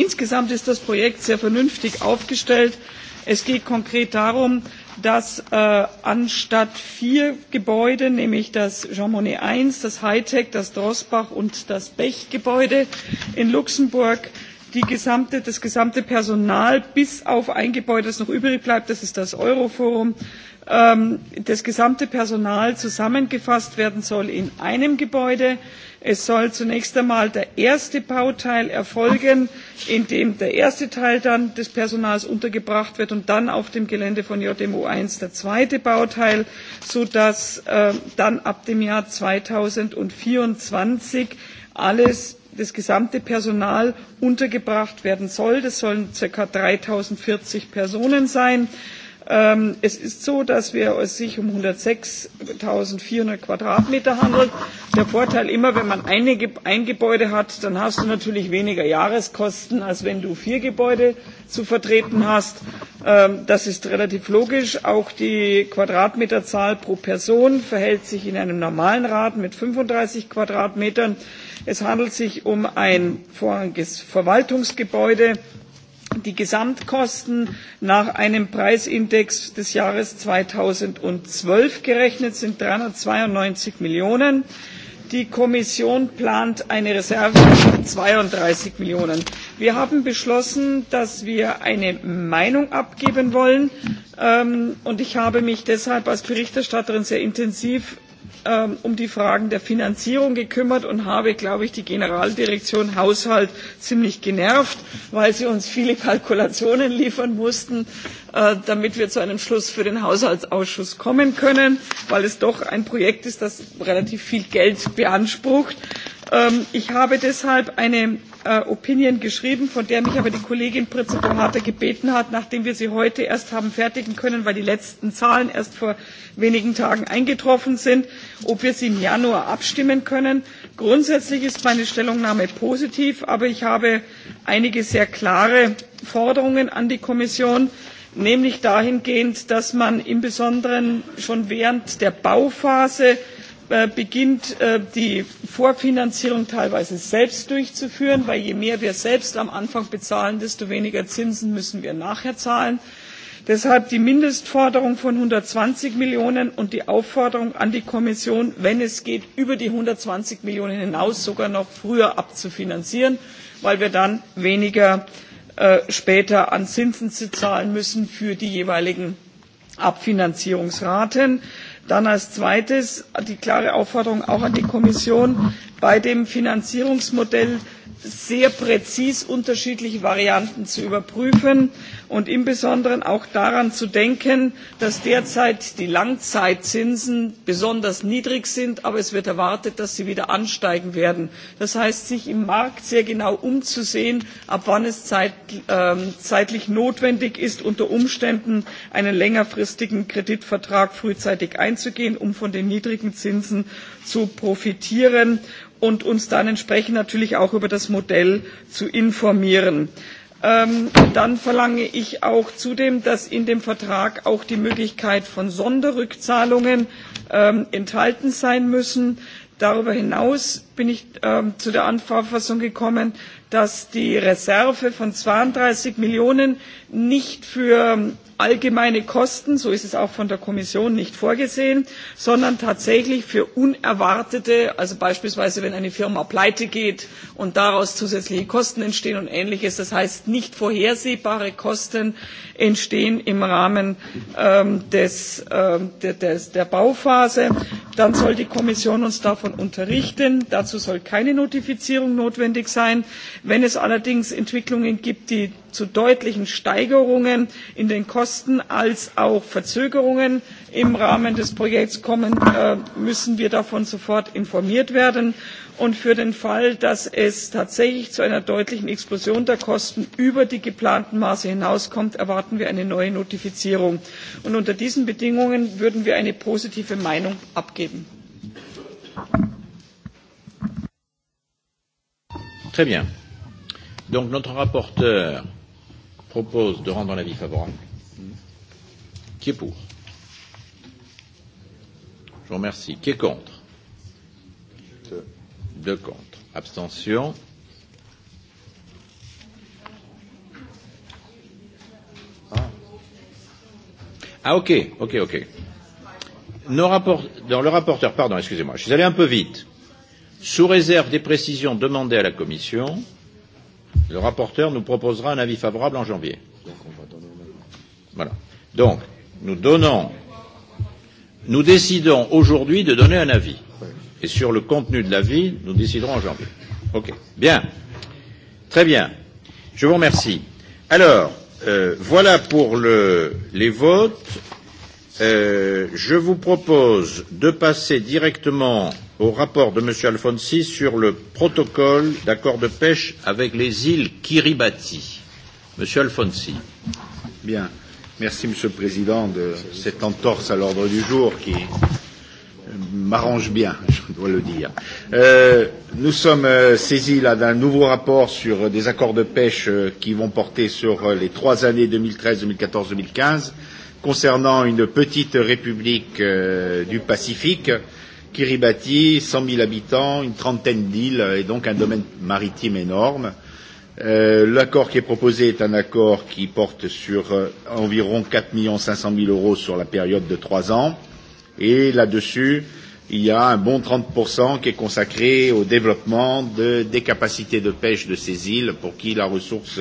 [SPEAKER 6] Insgesamt ist das Projekt sehr vernünftig aufgestellt. Es geht konkret darum, dass äh, anstatt vier Gebäude, nämlich das Jean Monnet I, das Hightech, das drossbach und das Bech-Gebäude in Luxemburg, das gesamte Personal bis auf ein Gebäude, das noch übrig bleibt, das ist das Euroforum, ähm, das gesamte Personal zusammengefasst werden soll in einem Gebäude es soll zunächst einmal der erste bauteil erfolgen in dem der erste teil des personals untergebracht wird und dann auf dem gelände von jmo eins der zweite bauteil sodass äh, dann ab dem jahr zweitausendvierundzwanzig das gesamte personal untergebracht werden soll. das sollen circa dreitausendvierzig personen sein Ähm, es ist so, dass es sich um 106.400 Quadratmeter handelt. Der Vorteil immer, wenn man eine, ein Gebäude hat, dann hast du natürlich weniger Jahreskosten, als wenn du vier Gebäude zu vertreten hast. Ähm, das ist relativ logisch. Auch die Quadratmeterzahl pro Person verhält sich in einem normalen Rat mit 35 Quadratmetern. Es handelt sich um ein vorrangiges Verwaltungsgebäude betrachten die Gesamtkosten nach einem Preisindex des Jahres zweitausendzwölf gerechnet sind dreihundertzweiundneunzig Millionen. Die Kommission plant eine Reserve von zweiunddreißig Millionen. Wir haben beschlossen, dass wir eine Meinung abgeben wollen. Ähm, und ich habe mich deshalb als Berichterstatterin sehr intensiv Ähm, um die Fragen der Finanzierung gekümmert und habe, glaube ich, die Generaldirektion Haushalt ziemlich genervt, weil sie uns viele Kalkulationen liefern mussten, äh, damit wir zu einem Schluss für den Haushaltsausschuss kommen können, weil es doch ein Projekt ist, das relativ viel Geld beansprucht. Ähm, ich habe deshalb eine äh, Opinion geschrieben, von der mich aber die Kollegin Pritzopoharte gebeten hat, nachdem wir sie heute erst haben fertigen können, weil die letzten Zahlen erst vor wenigen Tagen eingetroffen sind, ob wir sie im Januar abstimmen können. Grundsätzlich ist meine Stellungnahme positiv, aber ich habe einige sehr klare Forderungen an die Kommission nämlich dahingehend dass man im besonderen schon während der bauphase Äh, beginnt äh, die vorfinanzierung teilweise selbst durchzuführen denn je mehr wir selbst am anfang bezahlen desto weniger zinsen müssen wir nachher zahlen. deshalb die mindestforderung von einhundertzwanzig millionen und die aufforderung an die kommission wenn es geht über die einhundertzwanzig millionen hinaus sogar noch früher abzufinanzieren weil wir dann weniger äh, später an zinsen zu zahlen müssen für die jeweiligen abfinanzierungsraten. Dann als zweites die klare Aufforderung auch an die Kommission, bei dem Finanzierungsmodell sehr präzis unterschiedliche Varianten zu überprüfen und im Besonderen auch daran zu denken, dass derzeit die Langzeitzinsen besonders niedrig sind, aber es wird erwartet, dass sie wieder ansteigen werden. Das heißt, sich im Markt sehr genau umzusehen, ab wann es ähm, zeitlich notwendig ist, unter Umständen einen längerfristigen Kreditvertrag frühzeitig einzugehen, um von den niedrigen Zinsen zu profitieren und uns dann entsprechend natürlich auch über das Modell zu informieren. Ähm, dann verlange ich auch zudem, dass in dem Vertrag auch die Möglichkeit von Sonderrückzahlungen ähm, enthalten sein muss. Darüber hinaus bin ich ähm, zu der auffassung gekommen, dass die Reserve von zweiunddreißig Millionen nicht für allgemeine kosten so ist es auch von der kommission nicht vorgesehen sondern tatsächlich für unerwartete also beispielsweise wenn eine firma pleitegeht und daraus zusätzliche kosten entstehen und ähnliches das heißt nicht vorhersehbare kosten entstehen im rahmen ähm, des, äh, der, des, der bauphase dann soll die kommission uns davon unterrichten dazu soll keine notifizierung notwendig sein. wenn es allerdings entwicklungen gibt die zu deutlichen steigerungen in den kosten als auch verzögerungen im rahmen des projekts kommen äh, müssen wir davon sofort informiert werden und für den fall dass es tatsächlich zu einer deutlichen explosion der kosten über die geplanten maße hinauskommt erwarten wir eine neue notifizierung. Und unter diesen bedingungen würden wir eine positive meinung abgeben
[SPEAKER 1] propose de rendre un avis favorable. Qui est pour Je vous remercie. Qui est contre Deux. contre. Abstention. Ah. ah ok, ok, ok. Nos rapport... Dans le rapporteur, pardon, excusez-moi, je suis allé un peu vite. Sous réserve des précisions demandées à la Commission, le rapporteur nous proposera un avis favorable en janvier. Voilà. Donc, nous donnons, nous décidons aujourd'hui de donner un avis. Et sur le contenu de l'avis, nous déciderons en janvier. OK. Bien. Très bien. Je vous remercie. Alors, euh, voilà pour le, les votes. Euh, je vous propose de passer directement au rapport de M. Alfonsi sur le protocole d'accord de pêche avec les îles Kiribati. M. Alfonsi. Bien. Merci, M. le Président, de cette
[SPEAKER 5] entorse à l'ordre du jour qui m'arrange bien, je dois le dire. Euh, nous sommes euh, saisis là d'un nouveau rapport sur euh, des accords de pêche euh, qui vont porter sur les trois années 2013, 2014, 2015 concernant une petite république euh, du Pacifique. Euh, Kiribati, 100 000 habitants, une trentaine d'îles et donc un domaine maritime énorme. Euh, L'accord qui est proposé est un accord qui porte sur euh, environ 4 500 000 euros sur la période de 3 ans. Et là-dessus, il y a un bon 30% qui est consacré au développement de, des capacités de pêche de ces îles pour qui la ressource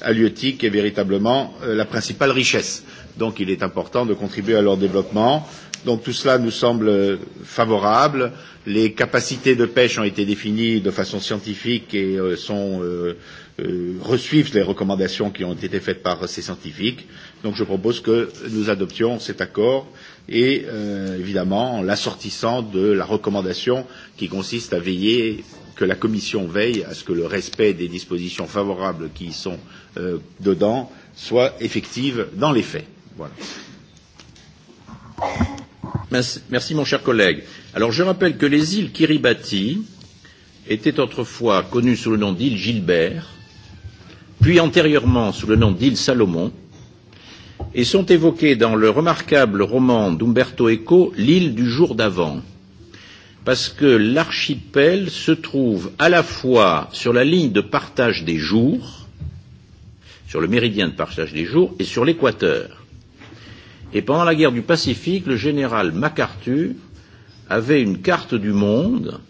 [SPEAKER 5] halieutique est véritablement euh, la principale richesse. Donc il est important de contribuer à leur développement. Donc tout cela nous semble favorable. Les capacités de pêche ont été définies de façon scientifique et euh, sont euh, euh, resuivent les recommandations qui ont été faites par ces scientifiques. Donc je propose que nous adoptions cet accord et euh, évidemment l'assortissant de la recommandation qui consiste à veiller que la Commission veille à ce que le respect des dispositions favorables qui y sont
[SPEAKER 1] euh, dedans soit effective dans les faits. Voilà. Merci, mon cher collègue. Alors je rappelle que les îles Kiribati étaient autrefois connues sous le nom d'île Gilbert, puis antérieurement sous le nom d'île Salomon, et sont évoquées dans le remarquable roman d'Umberto Eco, L'île du jour d'avant, parce que l'archipel se trouve à la fois sur la ligne de partage des jours, sur le méridien de partage des jours, et sur l'équateur. Et pendant la guerre du Pacifique, le général MacArthur avait une carte du monde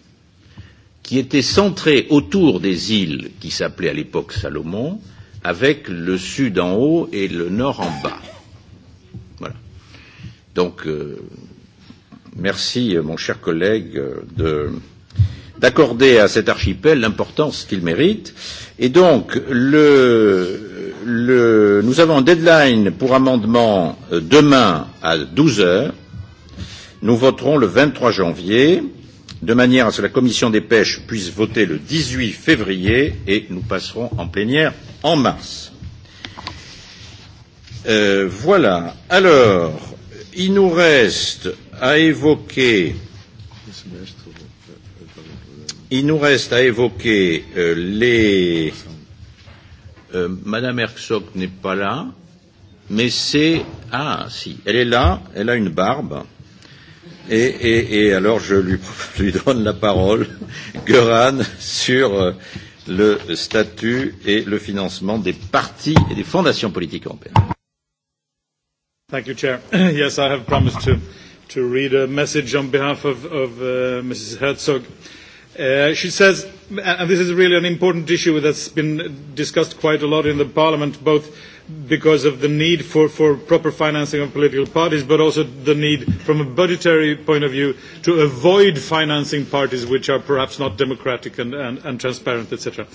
[SPEAKER 1] qui était centrée autour des îles qui s'appelaient à l'époque Salomon, avec le sud en haut et le nord en bas. Voilà. Donc, euh, merci, euh, mon cher collègue, euh, de d'accorder à cet archipel l'importance qu'il mérite. Et donc, le, le, nous avons un deadline pour amendement euh, demain à 12 heures. Nous voterons le 23 janvier, de manière à ce que la commission des pêches puisse voter le 18 février et nous passerons en plénière en mars. Euh, voilà. Alors, il nous reste à évoquer. Yes, Il nous reste à évoquer euh, les. Euh, Madame Herzog n'est pas là, mais c'est. Ah, si, elle est là, elle a une barbe. Et, et, et alors je lui, je lui donne la parole, Göran, sur euh, le statut et le financement des partis et des fondations politiques européennes.
[SPEAKER 3] Thank you, Chair. yes, I have promised to, to read a message on behalf of, of uh, Mrs. Herzog. Uh, she says, and this is really an important issue that's been discussed quite a lot in the Parliament, both because of the need for, for proper financing of political parties, but also the need, from a budgetary point of view, to avoid financing parties which are perhaps not democratic and, and, and transparent, etc.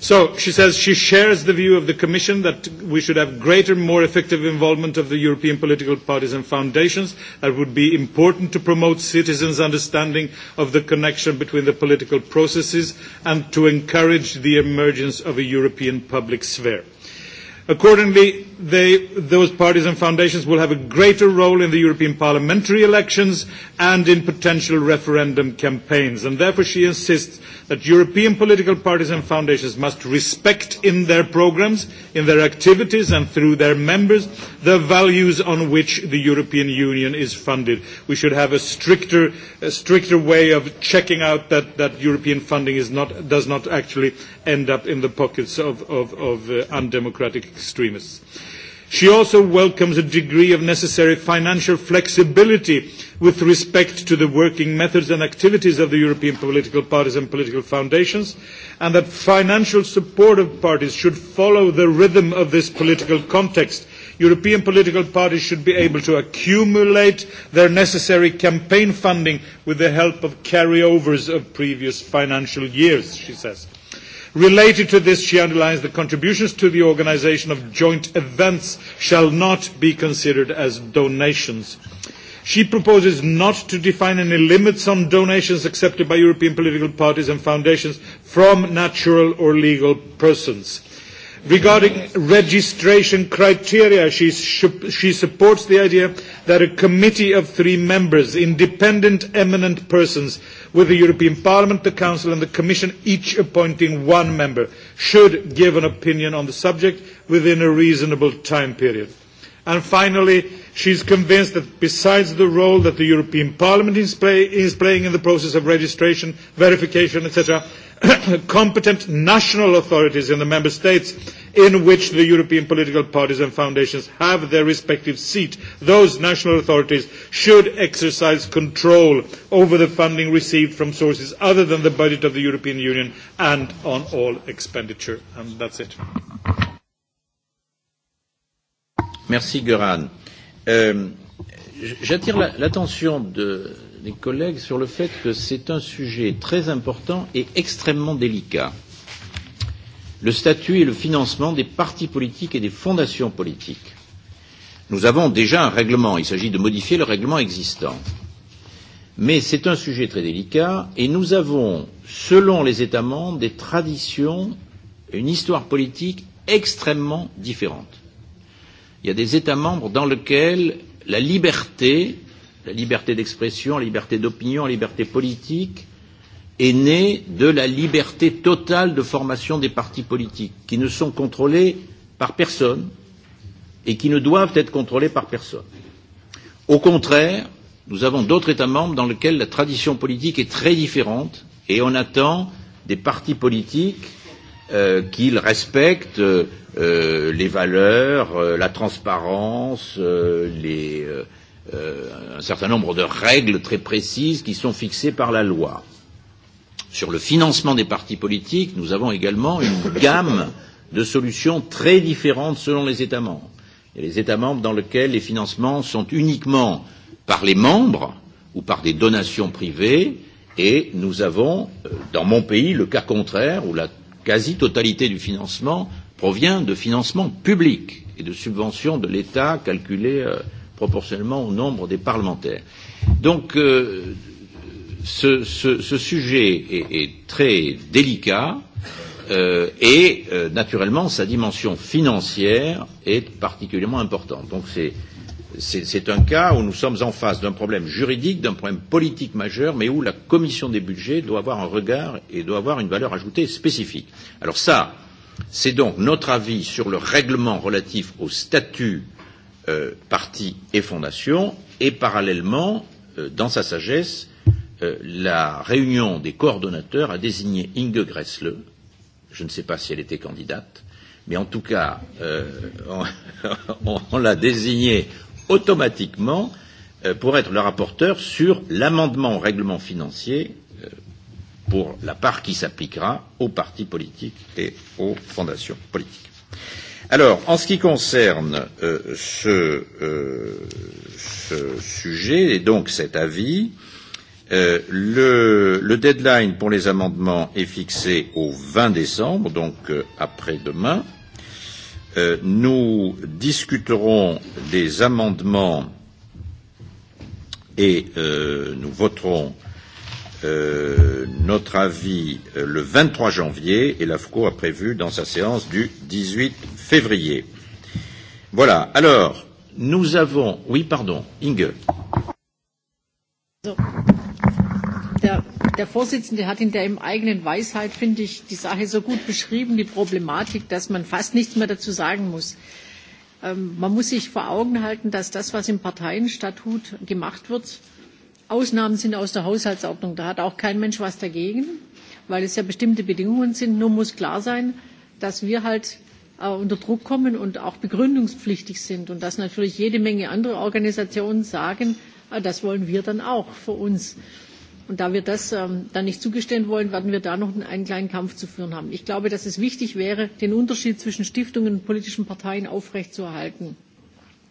[SPEAKER 3] So she says she shares the view of the Commission that we should have greater, more effective involvement of the European political parties and foundations. That would be important to promote citizens' understanding of the connection between the political processes and to encourage the emergence of a European public sphere. Accordingly, they, those parties and foundations will have a greater role in the European parliamentary elections and in potential referendum campaigns. And therefore she insists that European political parties and foundations must respect in their programmes, in their activities and through their members the values on which the European Union is funded. We should have a stricter, a stricter way of checking out that, that European funding is not, does not actually end up in the pockets of, of, of uh, undemocratic extremists. She also welcomes a degree of necessary financial flexibility with respect to the working methods and activities of the European political parties and political foundations, and that financial support of parties should follow the rhythm of this political context. European political parties should be able to accumulate their necessary campaign funding with the help of carryovers of previous financial years, she says. Related to this, she underlines the contributions to the organisation of joint events shall not be considered as donations. She proposes not to define any limits on donations accepted by European political parties and foundations from natural or legal persons. Regarding registration criteria, she, she supports the idea that a committee of three members, independent eminent persons, with the European Parliament, the Council and the Commission, each appointing one member, should give an opinion on the subject within a reasonable time period. And finally, she is convinced that besides the role that the European Parliament is, play, is playing in the process of registration, verification, etc., competent national authorities in the member states in which the European political parties and foundations have their respective seat. Those national authorities should exercise control over the funding received from sources other than the budget of the European Union and on all expenditure. And that's it.
[SPEAKER 1] Merci, Göran. Euh, J'attire l'attention de des collègues sur le fait que c'est un sujet très important et extrêmement délicat. Le statut et le financement des partis politiques et des fondations politiques. Nous avons déjà un règlement, il s'agit de modifier le règlement existant. Mais c'est un sujet très délicat et nous avons, selon les États membres, des traditions, une histoire politique extrêmement différente. Il y a des États membres dans lesquels la liberté la liberté d'expression, la liberté d'opinion, la liberté politique, est née de la liberté totale de formation des partis politiques, qui ne sont contrôlés par personne et qui ne doivent être contrôlés par personne. Au contraire, nous avons d'autres États membres dans lesquels la tradition politique est très différente et on attend des partis politiques euh, qu'ils respectent euh, euh les valeurs, euh, la transparence, euh, les, Euh, euh, un certain nombre de règles très précises qui sont fixées par la loi. Sur le financement des partis politiques, nous avons également une gamme de solutions très différentes selon les États membres. Il y a les États membres dans lesquels les financements sont uniquement par les membres ou par des donations privées, et nous avons, euh, dans mon pays, le cas contraire où la quasi-totalité du financement provient de financements publics et de subventions de l'État calculées euh, proportionnellement au nombre des parlementaires. Donc, euh, ce, ce, ce sujet est, est très délicat euh, et, euh, naturellement, sa dimension financière est particulièrement importante. Donc, c'est c'est un cas où nous sommes en face d'un problème juridique, d'un problème politique majeur, mais où la commission des budgets doit avoir un regard et doit avoir une valeur ajoutée spécifique. Alors ça, c'est donc notre avis sur le règlement relatif au statut euh, euh, partis et fondation, et parallèlement, euh, dans sa sagesse, euh, la réunion des coordonnateurs a désigné Inge Gressle, je ne sais pas si elle était candidate, mais en tout cas, euh, on, on l'a désignée automatiquement euh, pour être le rapporteur sur l'amendement au règlement financier euh, pour la part qui s'appliquera aux partis politiques et aux fondations politiques. Euh, Alors, en ce qui concerne euh, ce, euh, ce sujet et donc cet avis, euh, le, le deadline pour les amendements est fixé au 20 décembre, donc euh, après-demain. Euh, nous discuterons des amendements et euh, nous voterons euh, Euh, notre avis euh, le 23 janvier et l'AFCO a prévu dans sa séance du 18 février. Voilà. Alors, nous avons. Oui, pardon, Inge.
[SPEAKER 7] So. Der, der Vorsitzende hat in der im eigenen Weisheit, finde ich, die Sache so gut beschrieben, die Problematik, dass man fast nichts mehr dazu sagen muss. Ähm, man muss sich vor Augen halten, dass das, was im Parteienstatut gemacht wird, äh, Ausnahmen sind aus der Haushaltsordnung. Da hat auch kein Mensch was dagegen, weil es ja bestimmte Bedingungen sind. Nur muss klar sein, dass wir halt äh, unter Druck kommen und auch begründungspflichtig sind und dass natürlich jede Menge andere Organisationen sagen, äh, das wollen wir dann auch für uns. Und da wir das ähm, dann nicht zugestehen wollen, werden wir da noch einen kleinen Kampf zu führen haben. Ich glaube, dass es wichtig wäre, den Unterschied zwischen Stiftungen und politischen Parteien aufrechtzuerhalten.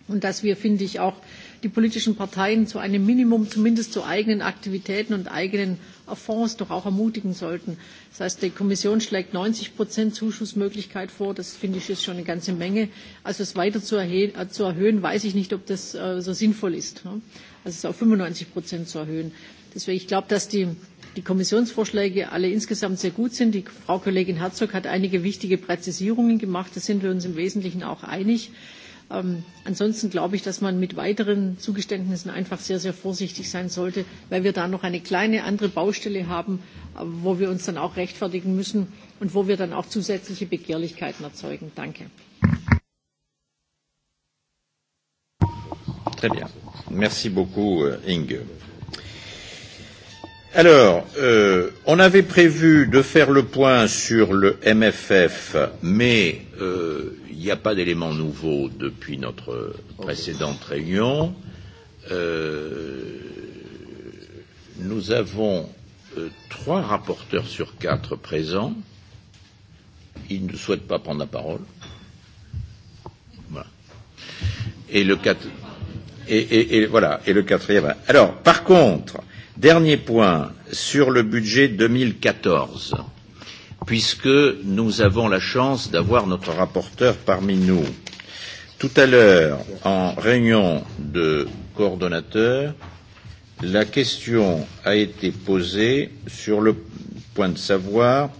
[SPEAKER 7] Und dass wir, finde ich, auch äh, die politischen Parteien zu einem Minimum zumindest zu eigenen Aktivitäten und eigenen Fonds doch auch ermutigen sollten. Das heißt, die Kommission schlägt 90 Prozent Zuschussmöglichkeit vor. Das finde ich ist schon eine ganze Menge. Also es weiter zu, erhöhen, äh, zu erhöhen, weiß ich nicht, ob das äh, so sinnvoll ist. Ne? Also es auf 95 Prozent zu erhöhen. Deswegen, ich glaube, dass die, die Kommissionsvorschläge alle insgesamt sehr gut sind. Die Frau Kollegin Herzog hat einige wichtige Präzisierungen gemacht. Da sind wir uns im Wesentlichen auch einig. Äh, Ähm, ansonsten glaube ich, dass man mit weiteren Zugeständnissen einfach sehr, sehr vorsichtig sein sollte, weil wir da noch eine kleine andere Baustelle haben, äh, wo wir uns dann auch rechtfertigen müssen und wo wir dann auch zusätzliche Begehrlichkeiten erzeugen. Danke.
[SPEAKER 1] Très bien. Merci beaucoup, Inge. Alors, euh, on avait prévu de faire le point sur le MFF, mais euh, il euh, n'y a pas d'éléments nouveaux depuis notre précédente okay. réunion. Euh, nous avons euh, trois rapporteurs sur quatre présents. Ils ne souhaitent pas prendre la parole. Voilà. Et le, quatre... et, et, et, voilà. et le quatrième. Alors, par contre, euh, Dernier point sur le budget 2014, puisque nous avons la chance d'avoir notre rapporteur parmi nous. Tout à l'heure, en réunion de coordonnateurs, la question a été posée sur le point de savoir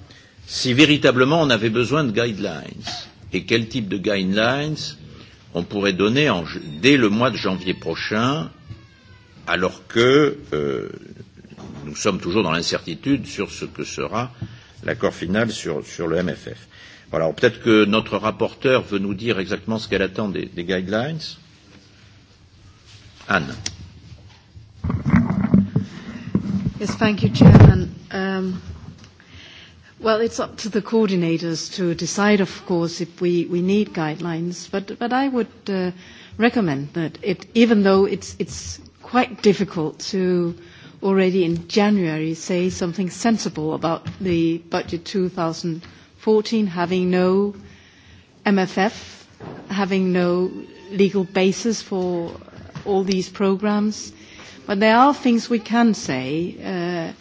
[SPEAKER 1] si véritablement on avait besoin de guidelines et quel type de guidelines on pourrait donner en, dès le mois de janvier prochain alors que euh, nous sommes toujours dans l'incertitude sur ce que sera l'accord final sur, sur le MFF. Voilà, peut-être que notre rapporteur veut nous dire exactement ce qu'elle attend des, des guidelines. Anne.
[SPEAKER 2] Yes, thank you, Chairman. Um, well, it's up to the coordinators to decide, of course, if we, we need guidelines, but, but I would uh, recommend that it, even though it's, it's quite difficult to already in January say something sensible about the budget 2014 having no MFF, having no legal basis for all these programs. But there are things we can say, uh,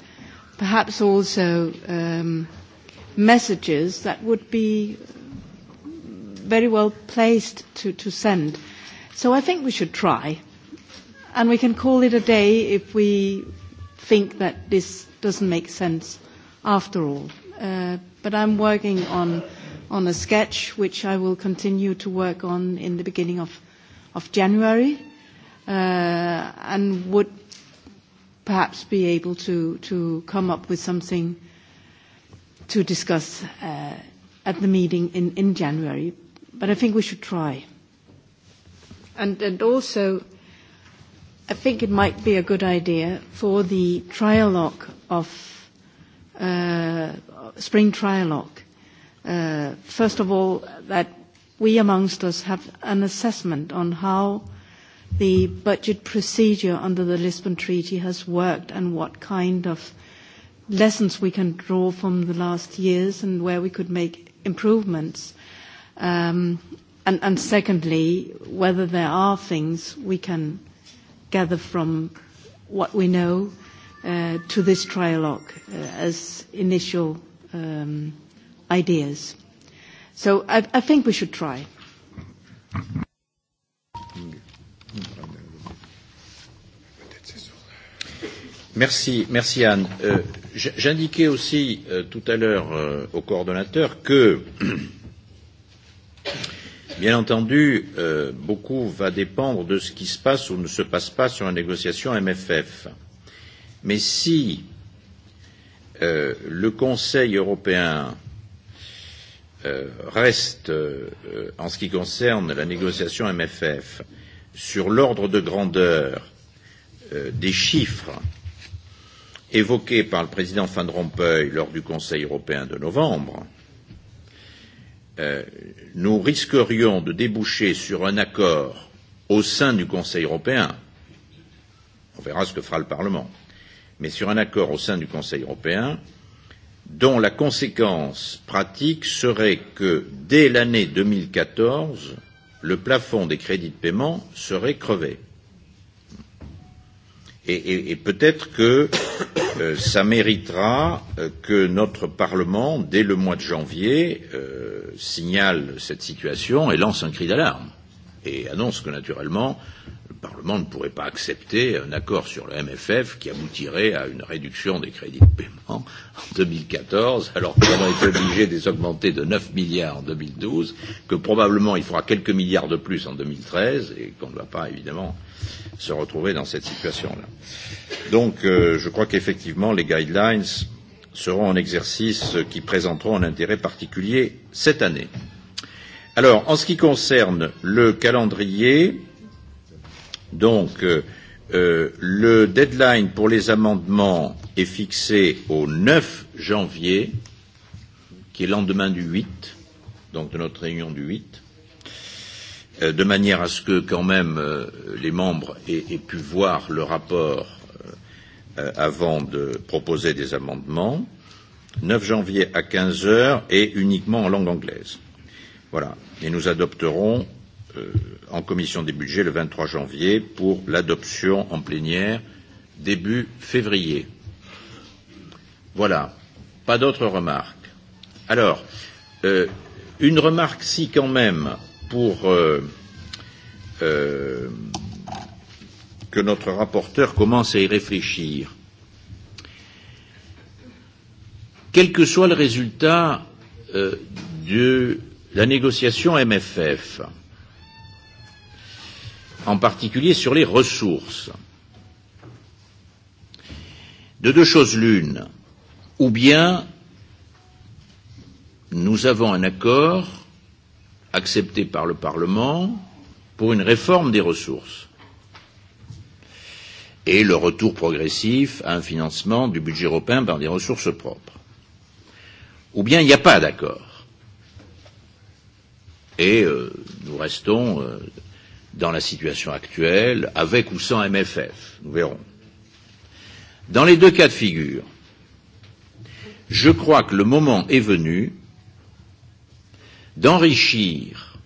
[SPEAKER 2] perhaps also um, messages that would be very well placed to, to send. So I think we should try and we can call it a day if we think that this doesn't make sense after all. Uh, but I'm working on, on a sketch which I will continue to work on in the beginning of, of January uh, and would perhaps be able to, to come up with something to discuss uh, at the meeting in, in January. But I think we should try. And, and also, I think it might be a good idea for the trialogue of uh, spring trialogue. Uh, first of all, that we amongst us have an assessment on how the budget procedure under the Lisbon Treaty has worked and what kind of lessons we can draw from the last years and where we could make improvements. Um, and, and secondly, whether there are things we can gather from what we know uh, to this trialogue uh, as initial um, ideas. So I, I think we should try.
[SPEAKER 1] Merci, merci Anne. Euh, J'indiquais aussi euh, tout à l'heure euh, au coordonnateur que Bien entendu, euh, beaucoup va dépendre de ce qui se passe ou ne se passe pas sur la négociation MFF. Mais si euh, le Conseil européen euh, reste, euh, en ce qui concerne la négociation MFF, sur l'ordre de grandeur euh, des chiffres évoqués par le président Van Rompuy lors du Conseil européen de novembre, euh, Euh, nous risquerions de déboucher sur un accord au sein du Conseil européen, on verra ce que fera le Parlement, mais sur un accord au sein du Conseil européen dont la conséquence pratique serait que dès l'année 2014, le plafond des crédits de paiement serait crevé. Et, et, et peut-être que euh, ça méritera euh, que notre Parlement, dès le mois de janvier, euh, signale cette situation et lance un cri d'alarme et annonce que, naturellement, Parlement ne pourrait pas accepter un accord sur le MFF qui aboutirait à une réduction des crédits de paiement en 2014, alors qu'on nous été obligé de les augmenter de 9 milliards en 2012, que probablement il faudra quelques milliards de plus en 2013 et qu'on ne va pas évidemment se retrouver dans cette situation-là. Donc euh, je crois qu'effectivement les guidelines seront un exercice euh, qui présenteront un intérêt particulier cette année. Alors en ce qui concerne le calendrier, Donc, euh, euh, le deadline pour les amendements est fixé au 9 janvier, qui est lendemain du 8, donc de notre réunion du 8, euh, de manière à ce que quand même euh, les membres aient, aient pu voir le rapport euh, euh avant de proposer des amendements. 9 janvier à 15 heures et uniquement en langue anglaise. Voilà. Et nous adopterons Euh, en commission des budgets le 23 janvier pour l'adoption en plénière début février. Voilà. Pas d'autres remarques. Alors, euh, une remarque si quand même pour euh, euh, que notre rapporteur commence à y réfléchir. Quel que soit le résultat euh, de la négociation MFF, euh, en particulier sur les ressources. De deux choses l'une, ou bien nous avons un accord accepté par le Parlement pour une réforme des ressources et le retour progressif à un financement du budget européen par des ressources propres. Ou bien il n'y a pas d'accord. Et euh, nous restons euh, dans la situation actuelle, avec ou sans MFF, nous verrons. Dans les deux cas de figure, je crois que le moment est venu d'enrichir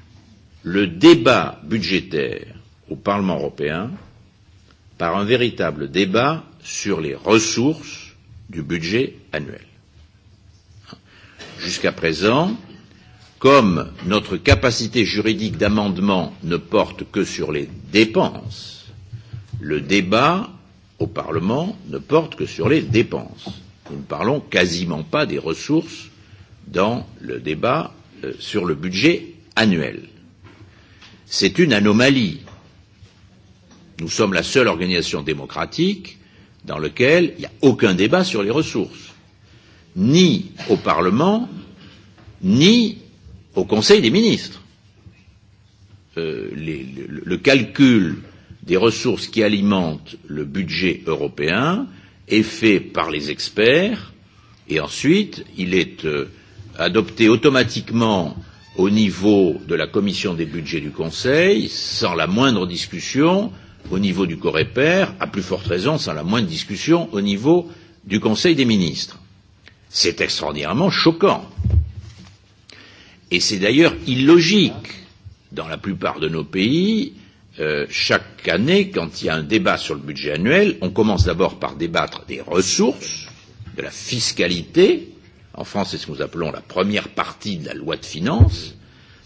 [SPEAKER 1] le débat budgétaire au Parlement européen par un véritable débat sur les ressources du budget annuel. Jusqu'à présent, comme notre capacité juridique d'amendement ne porte que sur les dépenses, le débat au Parlement ne porte que sur les dépenses. Nous ne parlons quasiment pas des ressources dans le débat euh, sur le budget annuel. C'est une anomalie. Nous sommes la seule organisation démocratique dans laquelle il n'y a aucun débat sur les ressources, ni au Parlement, ni au Conseil des ministres. Euh, les, le, le calcul des ressources qui alimentent le budget européen est fait par les experts et ensuite il est euh, adopté automatiquement au niveau de la commission des budgets du Conseil, sans la moindre discussion au niveau du Corépère, à plus forte raison sans la moindre discussion au niveau du Conseil des ministres. C'est extraordinairement choquant. Et c'est d'ailleurs illogique. Dans la plupart de nos pays, euh, chaque année, quand il y a un débat sur le budget annuel, on commence d'abord par débattre des ressources, de la fiscalité. En France, c'est ce que nous appelons la première partie de la loi de finances.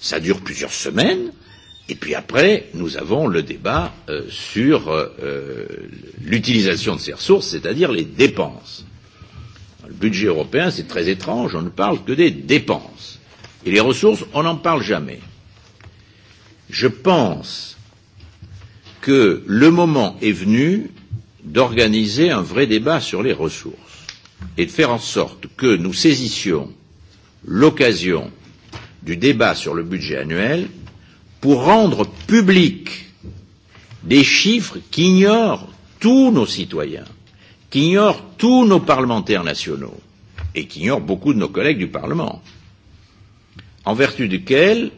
[SPEAKER 1] Ça dure plusieurs semaines. Et puis après, nous avons le débat euh, sur euh, euh l'utilisation de ces ressources, c'est-à-dire les dépenses. Dans le budget européen, c'est très étrange, on ne parle que des dépenses. Et les ressources, on n'en parle jamais. Je pense que le moment est venu d'organiser un vrai débat sur les ressources et de faire en sorte que nous saisissions l'occasion du débat sur le budget annuel pour rendre public des chiffres qu'ignorent tous nos citoyens, qu'ignorent tous nos parlementaires nationaux et qu'ignorent beaucoup de nos collègues du Parlement en vertu duquel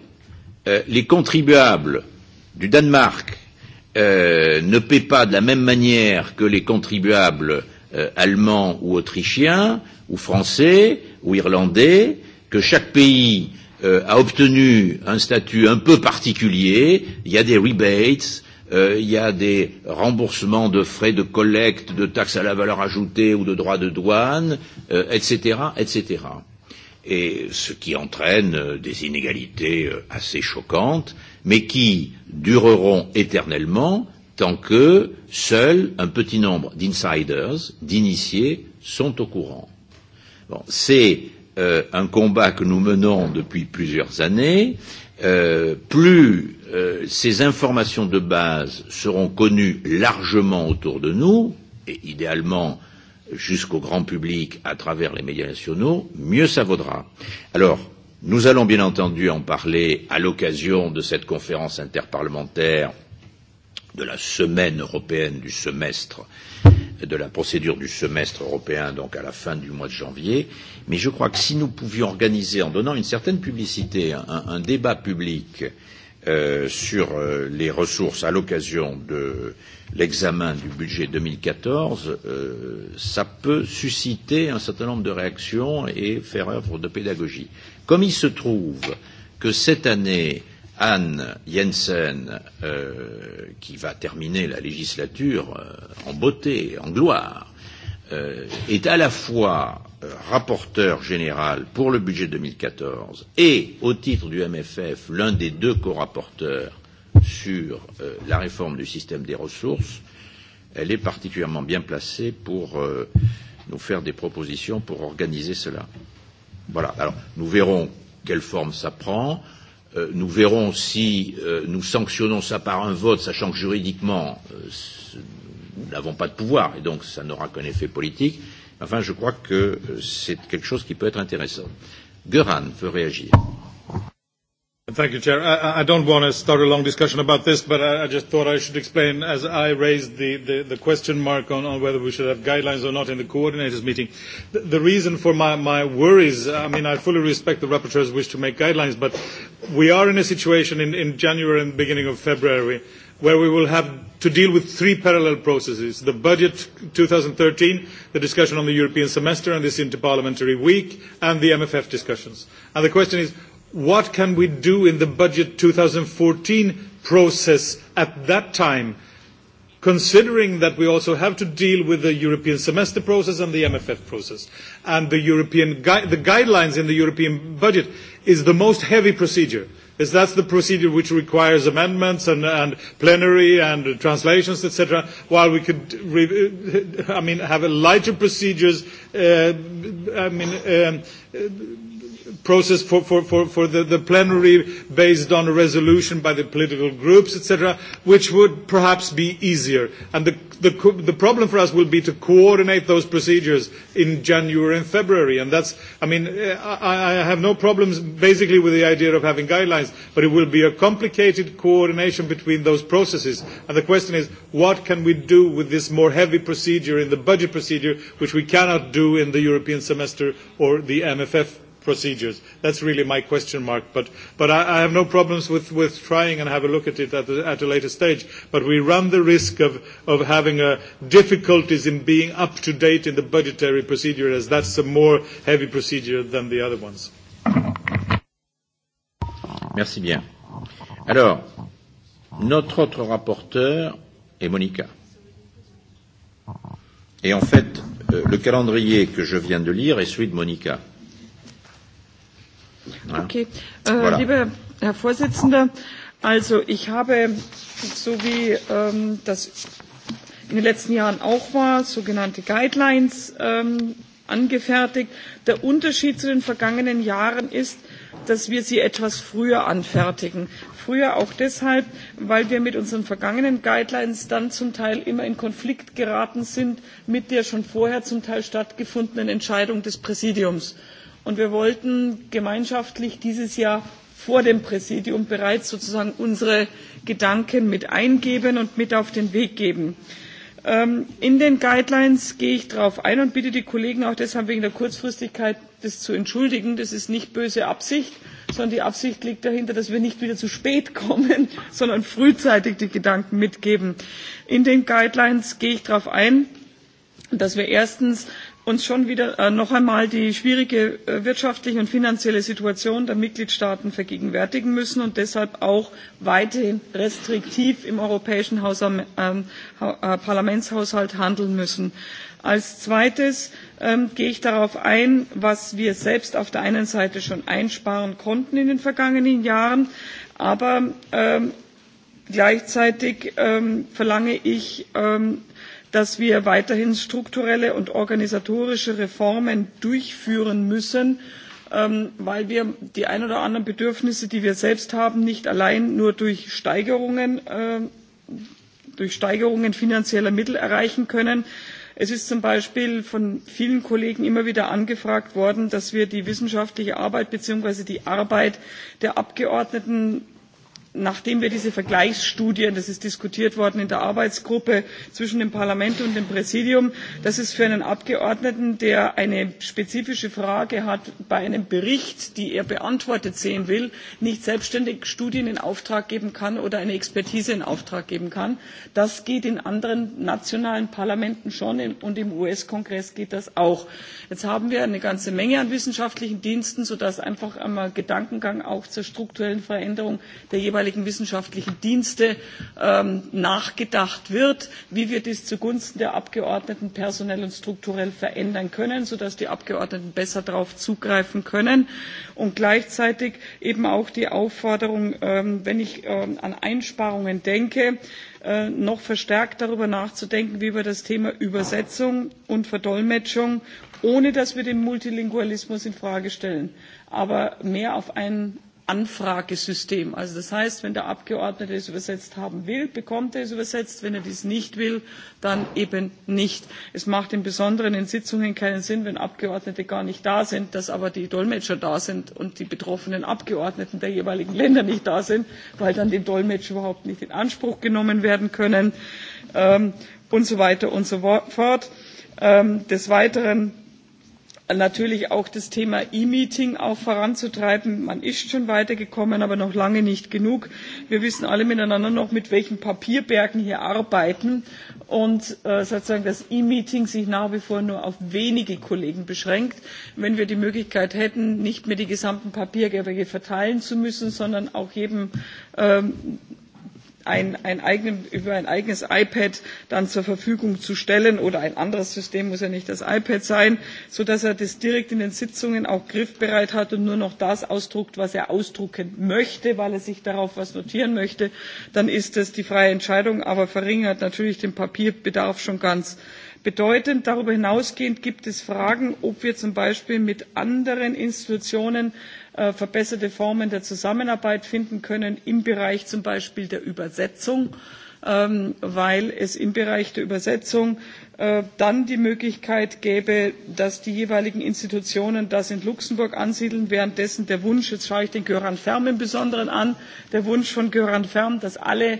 [SPEAKER 1] euh, les contribuables du Danemark euh, ne paient pas de la même manière que les contribuables euh, allemands ou autrichiens ou français ou irlandais, que chaque pays euh, a obtenu un statut un peu particulier, il y a des rebates, euh, il y a des remboursements de frais de collecte, de taxes à la valeur ajoutée ou de droits de douane, euh, etc., etc et ce qui entraîne euh, des inégalités euh, assez choquantes, mais qui dureront éternellement tant que seul un petit nombre d'insiders, d'initiés, sont au courant. Bon, C'est euh, un combat que nous menons depuis plusieurs années. Euh, plus euh, ces informations de base seront connues largement autour de nous, et idéalement euh, jusqu'au grand public à travers les médias nationaux, mieux ça vaudra. Alors, nous allons bien entendu en parler à l'occasion de cette conférence interparlementaire de la semaine européenne du semestre, de la procédure du semestre européen, donc à la fin du mois de janvier. Mais je crois que si nous pouvions organiser, en donnant une certaine publicité, un, un débat public euh, sur euh, les ressources à l'occasion de euh, l'examen du budget 2014, euh, ça peut susciter un certain nombre de réactions et faire œuvre de pédagogie. Comme il se trouve que cette année, Anne Jensen, euh, qui va terminer la législature euh, en beauté, en gloire, euh, est à la fois euh, rapporteur général pour le budget 2014 et, au titre du MFF, l'un des deux co-rapporteurs sur euh, la réforme du système des ressources, elle est particulièrement bien placée pour euh, nous faire des propositions pour organiser cela. Voilà. Alors, nous verrons quelle forme ça prend. Euh, nous verrons si euh, nous sanctionnons ça par un vote, sachant que juridiquement, euh, nous n'avons pas de pouvoir, et donc ça n'aura qu'un effet politique. Enfin, je crois que euh, c'est quelque chose qui peut être intéressant. Göran veut réagir. Thank you, Chair. I, I don't
[SPEAKER 3] want to start a long discussion about this, but I, I just thought I should explain, as I raised the, the, the question mark on, on whether we should have guidelines or not in the coordinators' meeting. The, the reason for my, my worries, I mean, I fully respect the rapporteur's wish to make guidelines, but we are in a situation in, in January and beginning of February where we will have to deal with three parallel processes the budget 2013, the discussion on the European semester and this interparliamentary week, and the MFF discussions. And the question is, what can we do in the budget 2014 process at that time, considering that we also have to deal with the European semester process and the MFF process. And the, European gui- the guidelines in the European budget is the most heavy procedure. Is that's the procedure which requires amendments and, and plenary and translations, etc. While we could, re- I mean, have a lighter procedures. Uh, I mean. Um, process for, for, for, for the, the plenary based on a resolution by the political groups, etc., which would perhaps be easier. And the, the, the problem for us will be to coordinate those procedures in January and February. And that's, I mean, eh, I, I have no problems basically with the idea of having guidelines, but it will be a complicated coordination between those processes. And the question is, what can we do with this more heavy procedure in the budget procedure, which we cannot do in the European semester or the MFF procedures. That's really my question mark. But, but I, I have no problems with, with trying and have a look at it at, the, at a later stage. But we run the risk of, of having uh, difficulties in being up to date in the budgetary procedure, as that's a more heavy procedure than the other ones.
[SPEAKER 1] Merci bien. Alors, notre autre rapporteur est Monica. Et en fait, euh, le calendrier que je viens de lire est celui de Monica.
[SPEAKER 6] Okay. Äh, voilà. Lieber Herr Vorsitzender, also ich habe, so wie ähm, das in den letzten Jahren auch war, sogenannte Guidelines ähm, angefertigt. Der Unterschied zu den vergangenen Jahren ist, dass wir sie etwas früher anfertigen. Früher auch deshalb, weil wir mit unseren vergangenen Guidelines dann zum Teil immer in Konflikt geraten sind mit der schon vorher zum Teil stattgefundenen Entscheidung des Präsidiums Und wir wollten gemeinschaftlich dieses Jahr vor dem Präsidium bereits sozusagen unsere Gedanken mit eingeben und mit auf den Weg geben. Ähm, in den Guidelines gehe ich darauf ein und bitte die Kollegen auch deshalb wegen der Kurzfristigkeit das zu entschuldigen. Das ist nicht böse Absicht, sondern die Absicht liegt dahinter, dass wir nicht wieder zu spät kommen, sondern frühzeitig die Gedanken mitgeben. In den Guidelines gehe ich darauf ein, dass wir erstens uns schon wieder äh, noch einmal die schwierige äh, wirtschaftliche und finanzielle Situation der Mitgliedstaaten vergegenwärtigen müssen und deshalb auch weiterhin restriktiv im europäischen ähm, äh, Parlamentshaushalt handeln müssen. Als zweites ähm, gehe ich darauf ein, was wir selbst auf der einen Seite schon einsparen konnten in den vergangenen Jahren, aber ähm, gleichzeitig verlange ich dass wir weiterhin strukturelle und organisatorische reformen durchführen müssen ähm, weil wir die ein oder anderen bedürfnisse die wir selbst haben nicht allein nur ähm, durch steigerungen, finanzieller mittel erreichen können. es ist zum beispiel von vielen kollegen immer wieder angefragt worden dass wir die wissenschaftliche arbeit beziehungsweise die arbeit der abgeordneten nachdem wir diese vergleichsstudien das ist diskutiert worden in der arbeitsgruppe zwischen dem parlament und dem präsidium das ist für einen abgeordneten der eine spezifische frage hat bei einem bericht die er beantwortet sehen will nicht selbstständig studien in auftrag geben kann oder eine expertise in auftrag geben kann das geht in anderen nationalen parlamenten schon und im us kongress geht das auch. jetzt haben wir eine ganze menge an wissenschaftlichen diensten sodass einfach einmal gedankengang auch zur strukturellen veränderung der jeweiligen wissenschaftlichen dienste ähm, nachgedacht wird wie wir dies zugunsten der abgeordneten personell und strukturell verändern können sodass die abgeordneten besser darauf zugreifen können und gleichzeitig eben auch die aufforderung ähm, wenn ich ähm, an einsparungen denke äh, noch verstärkt darüber nachzudenken wie wir das thema übersetzung und verdolmetschung ohne dass wir den multilingualismus in frage stellen aber mehr auf einen Anfragesystem. Also das heißt, wenn der Abgeordnete es übersetzt haben will, bekommt er es übersetzt. Wenn er dies nicht will, dann eben nicht. Es macht im Besonderen in Sitzungen keinen Sinn, wenn Abgeordnete gar nicht da sind, dass aber die Dolmetscher da sind und die betroffenen Abgeordneten der jeweiligen Länder nicht da sind, weil dann die Dolmetscher überhaupt nicht in Anspruch genommen werden können ähm, und so weiter und so fort. Ähm, des Weiteren natürlich auch das Thema E-Meeting voranzutreiben. Man ist schon weitergekommen, aber noch lange nicht genug. Wir wissen alle miteinander noch, mit welchen Papierbergen hier arbeiten und äh, sozusagen das E-Meeting sich nach wie vor nur auf wenige Kollegen beschränkt. Wenn wir die Möglichkeit hätten, nicht mehr die gesamten Papierberge verteilen zu müssen, sondern auch jedem ähm, ein, ein eigen, über ein eigenes iPad dann zur Verfügung zu stellen oder ein anderes System muss ja nicht das iPad sein, sodass er das direkt in den Sitzungen auch griffbereit hat und nur noch das ausdruckt, was er ausdrucken möchte, weil er sich darauf was notieren möchte, dann ist das die freie Entscheidung, aber verringert natürlich den Papierbedarf schon ganz bedeutend. Darüber hinausgehend gibt es Fragen, ob wir zum Beispiel mit anderen Institutionen Äh, verbesserte formen der zusammenarbeit finden können im bereich zum beispiel der übersetzung ähm, weil es im bereich der übersetzung äh, dann die möglichkeit gäbe dass die jeweiligen institutionen das in luxemburg ansiedeln währenddessen der wunsch jetzt schaue ich den gran färm im besonderen an von gran färm dass alle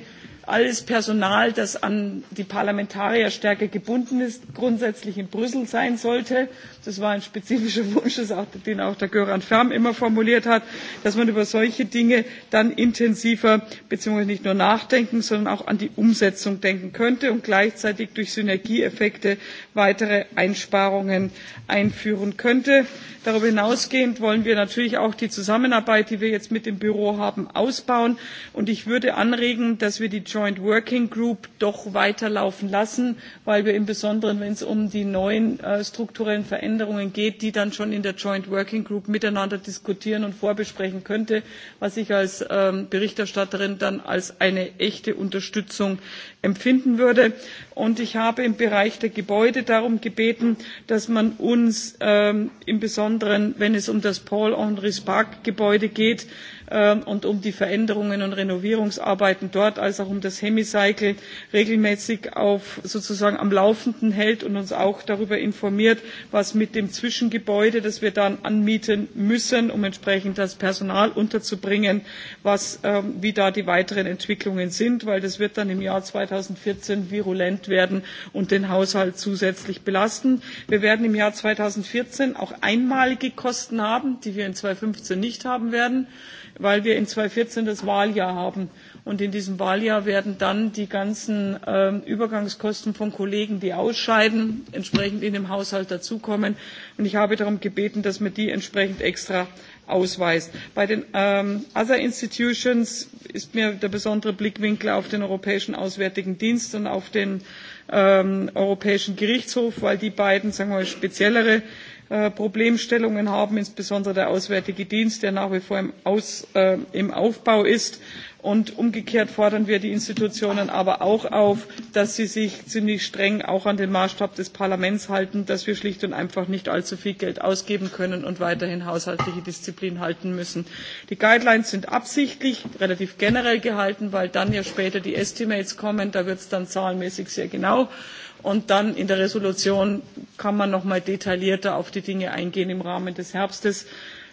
[SPEAKER 6] alles personal das an die parlamentarierstärke gebunden ist grundsätzlich in brüssel sein sollte das war ein spezifischer wunsch den auch gran färm immer formuliert hat dass man über solche dinge dann intensiver beziehungsweise nicht nur nachdenken sondern auch an die umsetzung denken könnte und gleichzeitig durch synergieeffekte weitere einsparungen einführen könnte. darüber hinausgehend wollen wir natürlich auch die zusammenarbeit die wir jetzt mit dem büro haben ausbauen und ich würde anregen dass wir Joint Working Group doch weiterlaufen lassen, weil wir im Besonderen, wenn es um die neuen äh, strukturellen Veränderungen geht, die dann schon in der Joint Working Group miteinander diskutieren und vorbesprechen könnte, was ich als ähm, Berichterstatterin dann als eine echte Unterstützung empfinden würde. Und ich habe im Bereich der Gebäude darum gebeten, dass man uns ähm, im Besonderen, wenn es um das Paul-Henri-Spark-Gebäude geht, Ähm, und um die veränderungen und renovierungsarbeiten dort als auch um das hemicycle regelmäßig auf, sozusagen am laufenden hält und uns auch darüber informiert was mit dem zwischengebäude das wir dann anmieten müssen um entsprechend das personal unterzubringen was, ähm, wie da die weiteren entwicklungen sind weil das wird dann im jahr zweitausendvierzehn virulent werden und den haushalt zusätzlich belasten. wir werden im jahr zweitausendvierzehn auch einmalige kosten haben die wir in zweitausendfünfzehn nicht haben werden weil wir in 2014 das Wahljahr haben. Und in diesem Wahljahr werden dann die ganzen äh, Übergangskosten von Kollegen, die ausscheiden, entsprechend in dem Haushalt dazukommen. Und ich habe darum gebeten, dass man die entsprechend extra ausweist. Bei den ähm, Other Institutions ist mir der besondere Blickwinkel auf den Europäischen Auswärtigen Dienst und auf den ähm, Europäischen Gerichtshof, weil die beiden, sagen wir mal, speziellere Äh, problemstellungen haben insbesondere der auswärtige dienst der nach wie vor äh, im, aufbau ist und umgekehrt fordern wir die institutionen aber auch auf dass sie sich ziemlich streng auch an den maßstab des parlaments halten dass wir schlicht und einfach nicht allzu viel geld ausgeben können und weiterhin haushaltliche disziplin halten müssen. die guidelines sind absichtlich relativ generell gehalten weil dann ja später die estimates kommen da wird es dann zahlenmäßig sehr genau Und dann in der Resolution kann man noch mal detaillierter auf die Dinge eingehen im Rahmen des Herbstes.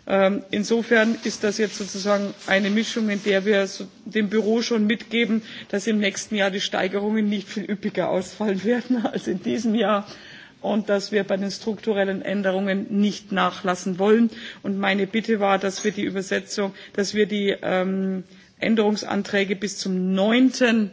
[SPEAKER 6] Ähm, insofern ist das jetzt sozusagen eine Mischung, in der wir dem Büro schon mitgeben, dass im nächsten Jahr die Steigerungen nicht viel üppiger ausfallen werden als in diesem Jahr und dass wir bei den strukturellen Änderungen nicht nachlassen wollen. Und meine Bitte war, dass wir die Übersetzung, dass wir die ähm, Änderungsanträge bis zum 9.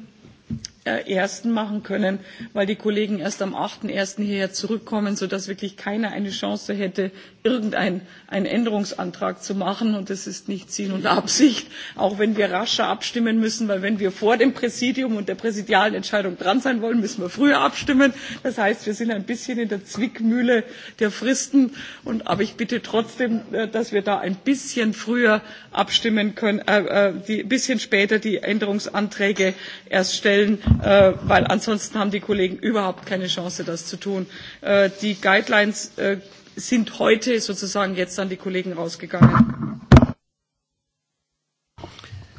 [SPEAKER 6] Äh, ersten machen können, weil die Kollegen erst am acht eins hierher zurückkommen, sodass wirklich keiner eine Chance hätte, irgendeinen Änderungsantrag zu machen. Und das ist nicht Sinn und Absicht, auch wenn wir rascher abstimmen müssen, weil wenn wir vor dem Präsidium und der präsidialen Entscheidung dran sein wollen, müssen wir früher abstimmen. Das heißt, wir sind ein bisschen in der Zwickmühle der Fristen. Und, aber ich bitte trotzdem, äh, dass wir da ein bisschen früher abstimmen können, äh, äh ein bisschen später die Änderungsanträge erst stellen, äh, weil ansonsten haben die Kollegen überhaupt keine Chance, das zu tun. Äh, die Guidelines äh, sind heute sozusagen jetzt an die Kollegen rausgegangen.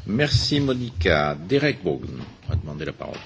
[SPEAKER 1] Merci Derek Bogen hat demandé la parole.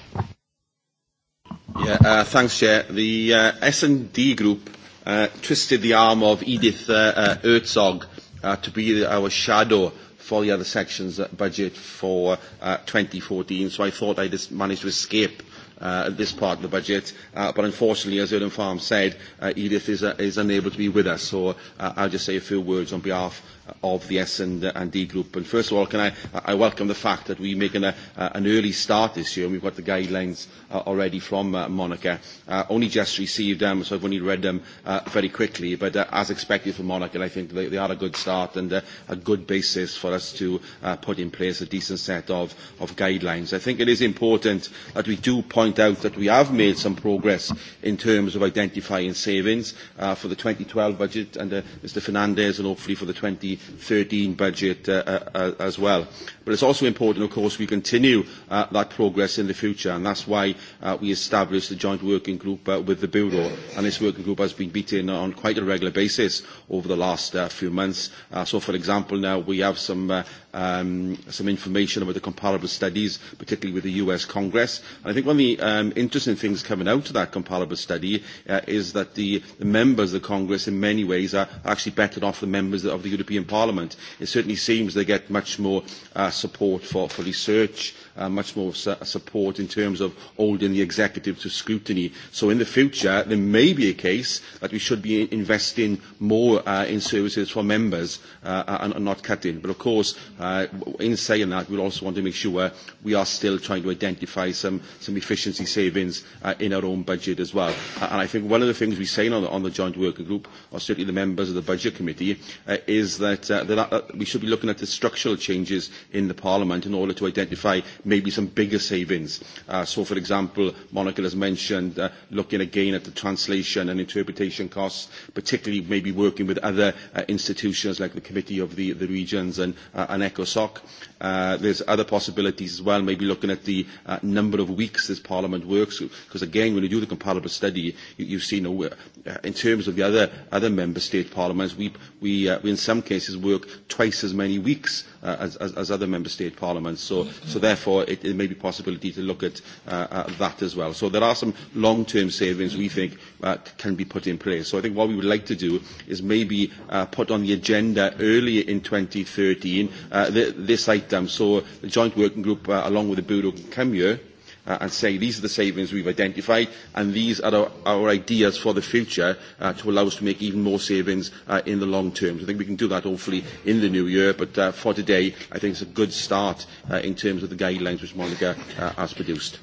[SPEAKER 1] Yeah, uh, thanks, Chair.
[SPEAKER 8] The uh, S&D group uh, twisted the arm of Edith uh, uh, Herzog uh, to be our shadow for the other sections uh, budget for uh, 2014, so I thought I just managed to escape uh, at this part of the budget. Uh, but unfortunately, as Erden Farm said, uh, Edith is, uh, is unable to be with us. So uh, I'll just say a few words on behalf of the S and, uh, and D group. And first of all, can I, I welcome the fact that we're making a, uh, uh, an early start this year, and we've got the guidelines uh, already from uh, Monica. Uh, only just received them, um, so I've only read them uh, very quickly. But uh, as expected from Monica, I think they, they are a good start and uh, a good basis for us to uh, put in place a decent set of, of guidelines. I think it is important that we do point out that we have made some progress in terms of identifying savings uh, for the 2012 budget under uh, Mr Fernandez and hopefully for the 20 2013 budget uh, uh, as well. But it's also important, of course, we continue uh, that progress in the future, and that's why uh, we established the joint working group uh, with the Bureau, and this working group has been meeting on quite a regular basis over the last uh, few months. Uh, so, for example, now we have some uh, um, some information about the comparable studies, particularly with the US Congress. And I think one of the um, interesting things coming out of that comparable study uh, is that the, the members of the Congress in many ways are actually better off the members of the European Parliament. It certainly seems they get much more uh, support for, for research, uh, much more su- support in terms of holding the executive to scrutiny. So in the future, there may be a case that we should be investing more uh, in services for members uh, and, and not cutting. But of course, uh, in saying that, we also want to make sure we are still trying to identify some, some efficiency savings uh, in our own budget as well. Uh, and I think one of the things we say on the, on the joint working group, or certainly the members of the budget committee, uh, is that, uh, that uh, we should be looking at the structural changes in the Parliament in order to identify maybe some bigger savings. Uh, so, for example, Monica has mentioned uh, looking again at the translation and interpretation costs, particularly maybe working with other uh, institutions like the Committee of the, the Regions and, uh, and ECOSOC. Uh, there's other possibilities as well, maybe looking at the uh, number of weeks this Parliament works, because again, when you do the comparable study, you, you see no, Uh, in terms of the other, other member state parliaments, we, we, uh, we in some cases work twice as many weeks uh, as, as, as other member state parliaments. So, mm-hmm. so therefore, it, it may be a possibility to look at uh, uh, that as well. So there are some long-term savings we think uh, can be put in place. So I think what we would like to do is maybe uh, put on the agenda early in 2013 uh, th this item. So the joint working group, uh, along with the Bureau, can come here uh, and say these are the savings we've identified and these are our, our ideas for the future uh, to allow us to make even more savings uh, in the long term. So I think we can do that hopefully in the new year, but uh, for today I think it's a good start uh, in terms of the guidelines
[SPEAKER 1] which Monica uh, has produced.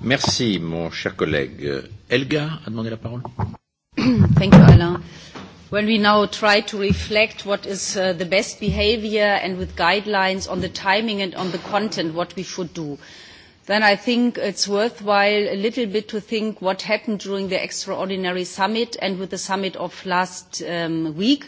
[SPEAKER 1] Merci, mon cher collègue. Elga a demandé la parole.
[SPEAKER 9] Thank you, Alain when we now try to reflect what is uh, the best behavior and with guidelines on the timing and on the content, what we should do then I think it's worthwhile a little bit to think what happened during the extraordinary summit and with the summit of last um, week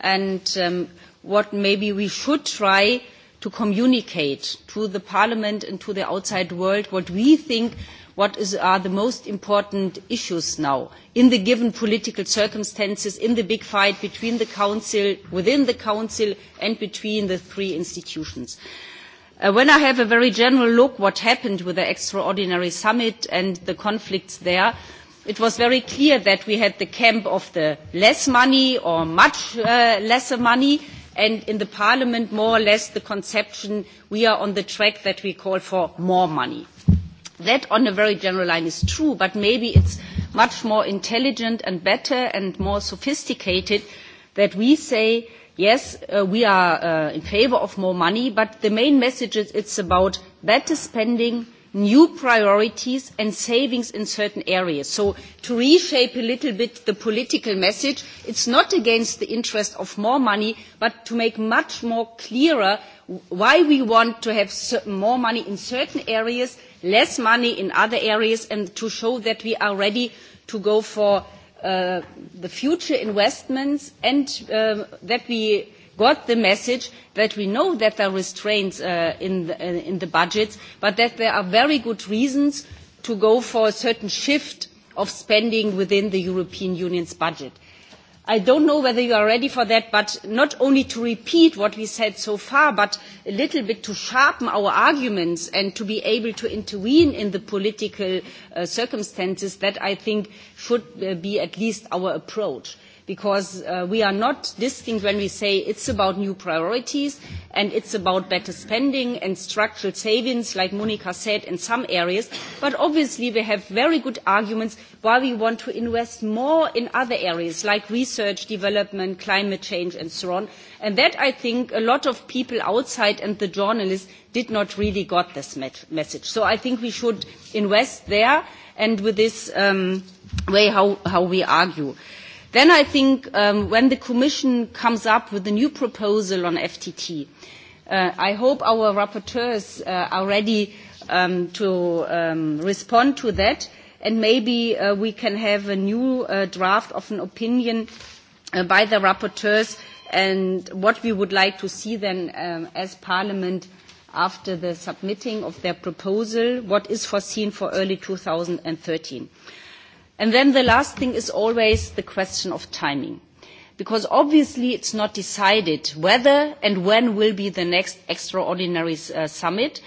[SPEAKER 9] and um, what maybe we should try to communicate to the parliament and to the outside world what we think what is, are the most important issues now in the given political circumstances, in the big fight between the Council, within the Council and between the three institutions. Uh, when I have a very general look what happened with the extraordinary summit and the conflicts there, it was very clear that we had the camp of the less money or much uh, lesser money and in the parliament more or less the conception we are on the track that we call for more money that on a very general line is true, but maybe it's much more intelligent and better and more sophisticated that we say, yes, uh, we are uh, in favor of more money, but the main message is it's about better spending, new priorities and savings in certain areas. So to reshape a little bit the political message, it's not against the interest of more money, but to make much more clearer why we want to have more money in certain areas less money in other areas and to show that we are ready to go for uh, the future investments and uh, that we got the message that we know that there are restraints uh, in, the, uh, in the budgets, but that there are very good reasons to go for a certain shift of spending within the European Union's budget. I don't know whether you are ready for that, but not only to repeat what we said so far, but a little bit to sharpen our arguments and to be able to intervene in the political uh, circumstances that I think should uh, be at least our approach because uh, we are not distinct when we say it's about new priorities and it's about better spending and structural savings, like Monica said, in some areas. But obviously, we have very good arguments why we want to invest more in other areas, like research, development, climate change, and so on. And that, I think, a lot of people outside and the journalists did not really got this message. So I think we should invest there and with this um, way how, how we argue. Then I think um, when the Commission comes up with a new proposal on FTT, uh, I hope our rapporteurs uh, are ready um, to um, respond to that, and maybe uh, we can have a new uh, draft of an opinion uh, by the rapporteurs and what we would like to see then um, as Parliament after the submitting of their proposal, what is foreseen for early 2013. And then the last thing is always the question of timing. Because obviously it's not decided whether and when will be the next extraordinary uh, summit,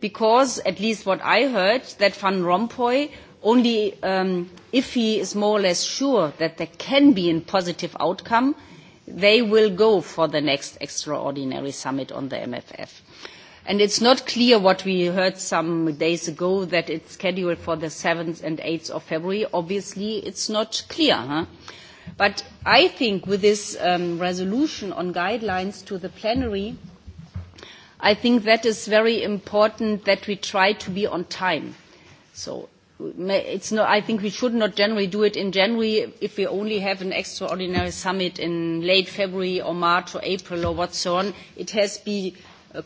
[SPEAKER 9] because at least what I heard, that Van Rompuy only um, if he is more or less sure that there can be a positive outcome, they will go for the next extraordinary summit on the MFF. And it's not clear what we heard some days ago that it's scheduled for the seventh and eighth of February. Obviously, it's not clear. Huh? But I think with this um, resolution on guidelines to the plenary, I think that is very important that we try to be on time. So it's not, I think we should not generally do it in January if we only have an extraordinary summit in late February or March or April or what so on. It has be,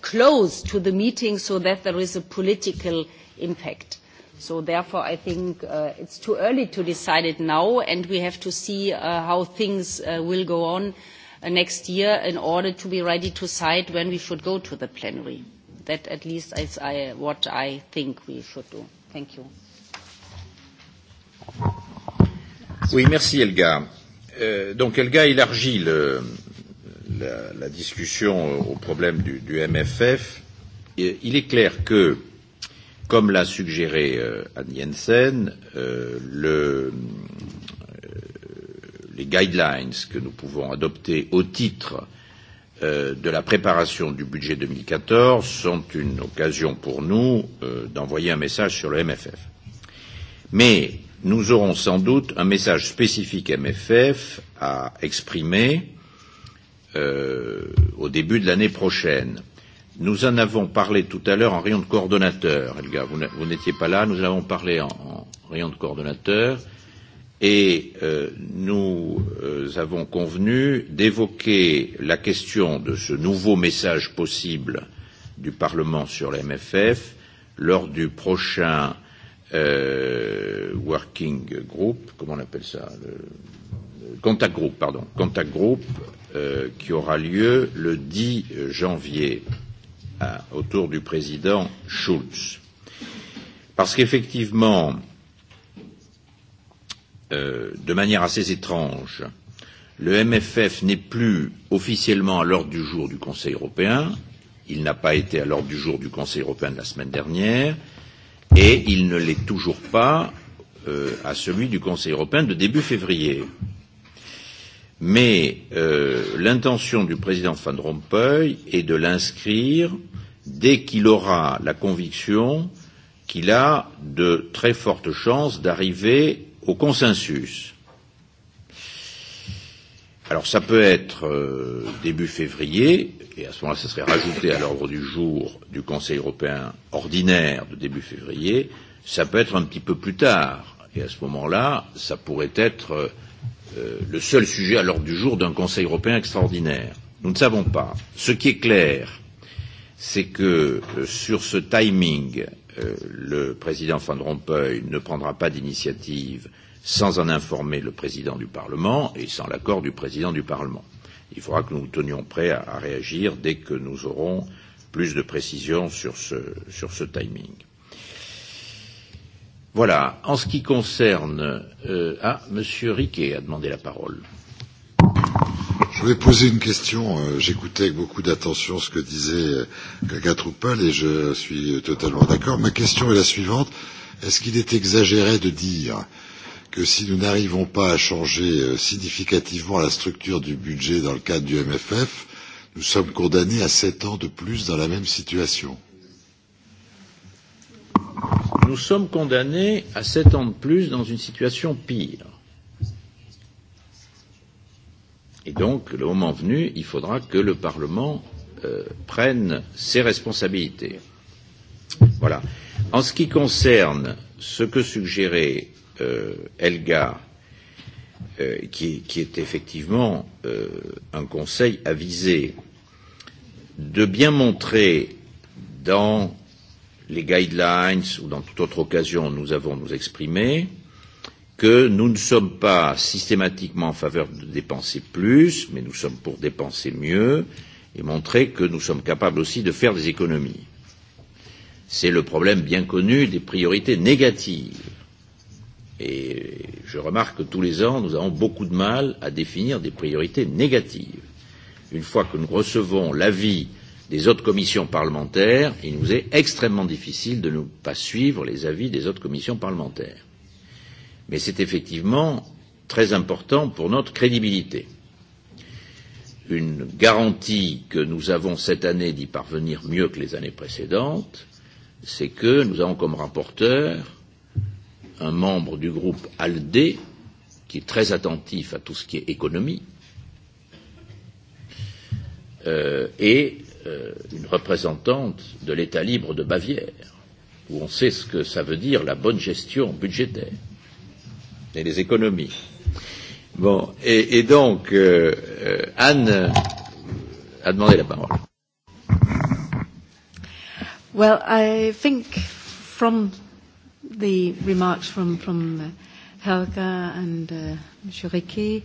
[SPEAKER 9] close to the meeting so that there is a political impact. So therefore, I think uh, it's too early to decide it now, and we have to see uh, how things uh, will go on uh, next year in order to be ready to decide when we should go to the plenary. That at least is I, what I think we should do. Thank you.
[SPEAKER 1] Oui, merci Elga. Euh, donc Elga élargit le, la, la discussion au problème du, du MFF, il est clair que, comme l'a suggéré euh, Anne Jensen, euh, le, euh, les guidelines que nous pouvons adopter au titre euh, de la préparation du budget 2014 sont une occasion pour nous euh, d'envoyer un message sur le MFF. Mais nous aurons sans doute un message spécifique MFF à exprimer euh, au début de l'année prochaine. Nous en avons parlé tout à l'heure en rayon de coordonnateur, Elga, vous n'étiez pas là, nous en avons parlé en, en rayon de coordonnateur, et euh, nous euh, avons convenu d'évoquer la question de ce nouveau message possible du Parlement sur la MFF lors du prochain euh, working group, comment on appelle ça, le, le contact group, pardon, contact group Euh, qui aura lieu le 10 janvier à, autour du président Schulz. Parce qu'effectivement, euh, de manière assez étrange, le MFF n'est plus officiellement à l'ordre du jour du Conseil européen, il n'a pas été à l'ordre du jour du Conseil européen de la semaine dernière, et il ne l'est toujours pas euh, à celui du Conseil européen de début février. Mais euh, l'intention du président Van Rompuy est de l'inscrire dès qu'il aura la conviction qu'il a de très fortes chances d'arriver au consensus. Alors ça peut être euh, début février, et à ce moment-là, ça serait rajouté à l'ordre du jour du Conseil européen ordinaire de début février, ça peut être un petit peu plus tard, et à ce moment-là, ça pourrait être euh, Euh, le seul sujet à l'ordre du jour d'un Conseil européen extraordinaire. Nous ne savons pas. Ce qui est clair, c'est que euh, sur ce timing, euh, le président Van Rompuy ne prendra pas d'initiative sans en informer le président du Parlement et sans l'accord du président du Parlement. Il faudra que nous nous tenions prêts à, à réagir dès que nous aurons plus de précisions sur ce, sur ce timing. Voilà. En ce qui concerne. Euh, ah, Monsieur Riquet a demandé la parole. Je voulais poser une question. Euh, j'écoutais avec beaucoup d'attention ce que disait euh, Gaga Troupal et je suis totalement d'accord. Ma question est la suivante. Est-ce qu'il est exagéré de dire que si nous n'arrivons pas à changer euh, significativement la structure du budget dans le cadre du MFF, nous sommes condamnés à sept ans de plus dans la même situation nous sommes condamnés à sept ans de plus dans une situation pire. Et donc, le moment venu, il faudra que le Parlement euh, prenne ses responsabilités. Voilà. En ce qui concerne ce que suggérait euh, Elga, euh, qui, qui est effectivement euh, un conseil avisé, de bien montrer dans les guidelines ou dans toute autre occasion nous avons nous exprimé, que nous ne sommes pas systématiquement en faveur de dépenser plus, mais nous sommes pour dépenser mieux et montrer que nous sommes capables aussi de faire des économies. C'est le problème bien connu des priorités négatives. Et je remarque que tous les ans, nous avons beaucoup de mal à définir des priorités négatives. Une fois que nous recevons l'avis des autres commissions parlementaires, il nous est extrêmement difficile de ne pas suivre les avis des autres commissions parlementaires. Mais c'est effectivement très important pour notre crédibilité. Une garantie que nous avons cette année d'y parvenir mieux que les années précédentes, c'est que nous avons comme rapporteur un membre du groupe ALDE qui est très attentif à tout ce qui est économie euh, et euh, une représentante de l'État libre de Bavière, où on sait ce que ça veut dire la bonne gestion budgétaire et les économies. Bon, et, et donc, euh, euh, Anne euh, a demandé la parole.
[SPEAKER 2] Well, I think from the remarks from, from uh, Helga and uh, Monsieur Riquet,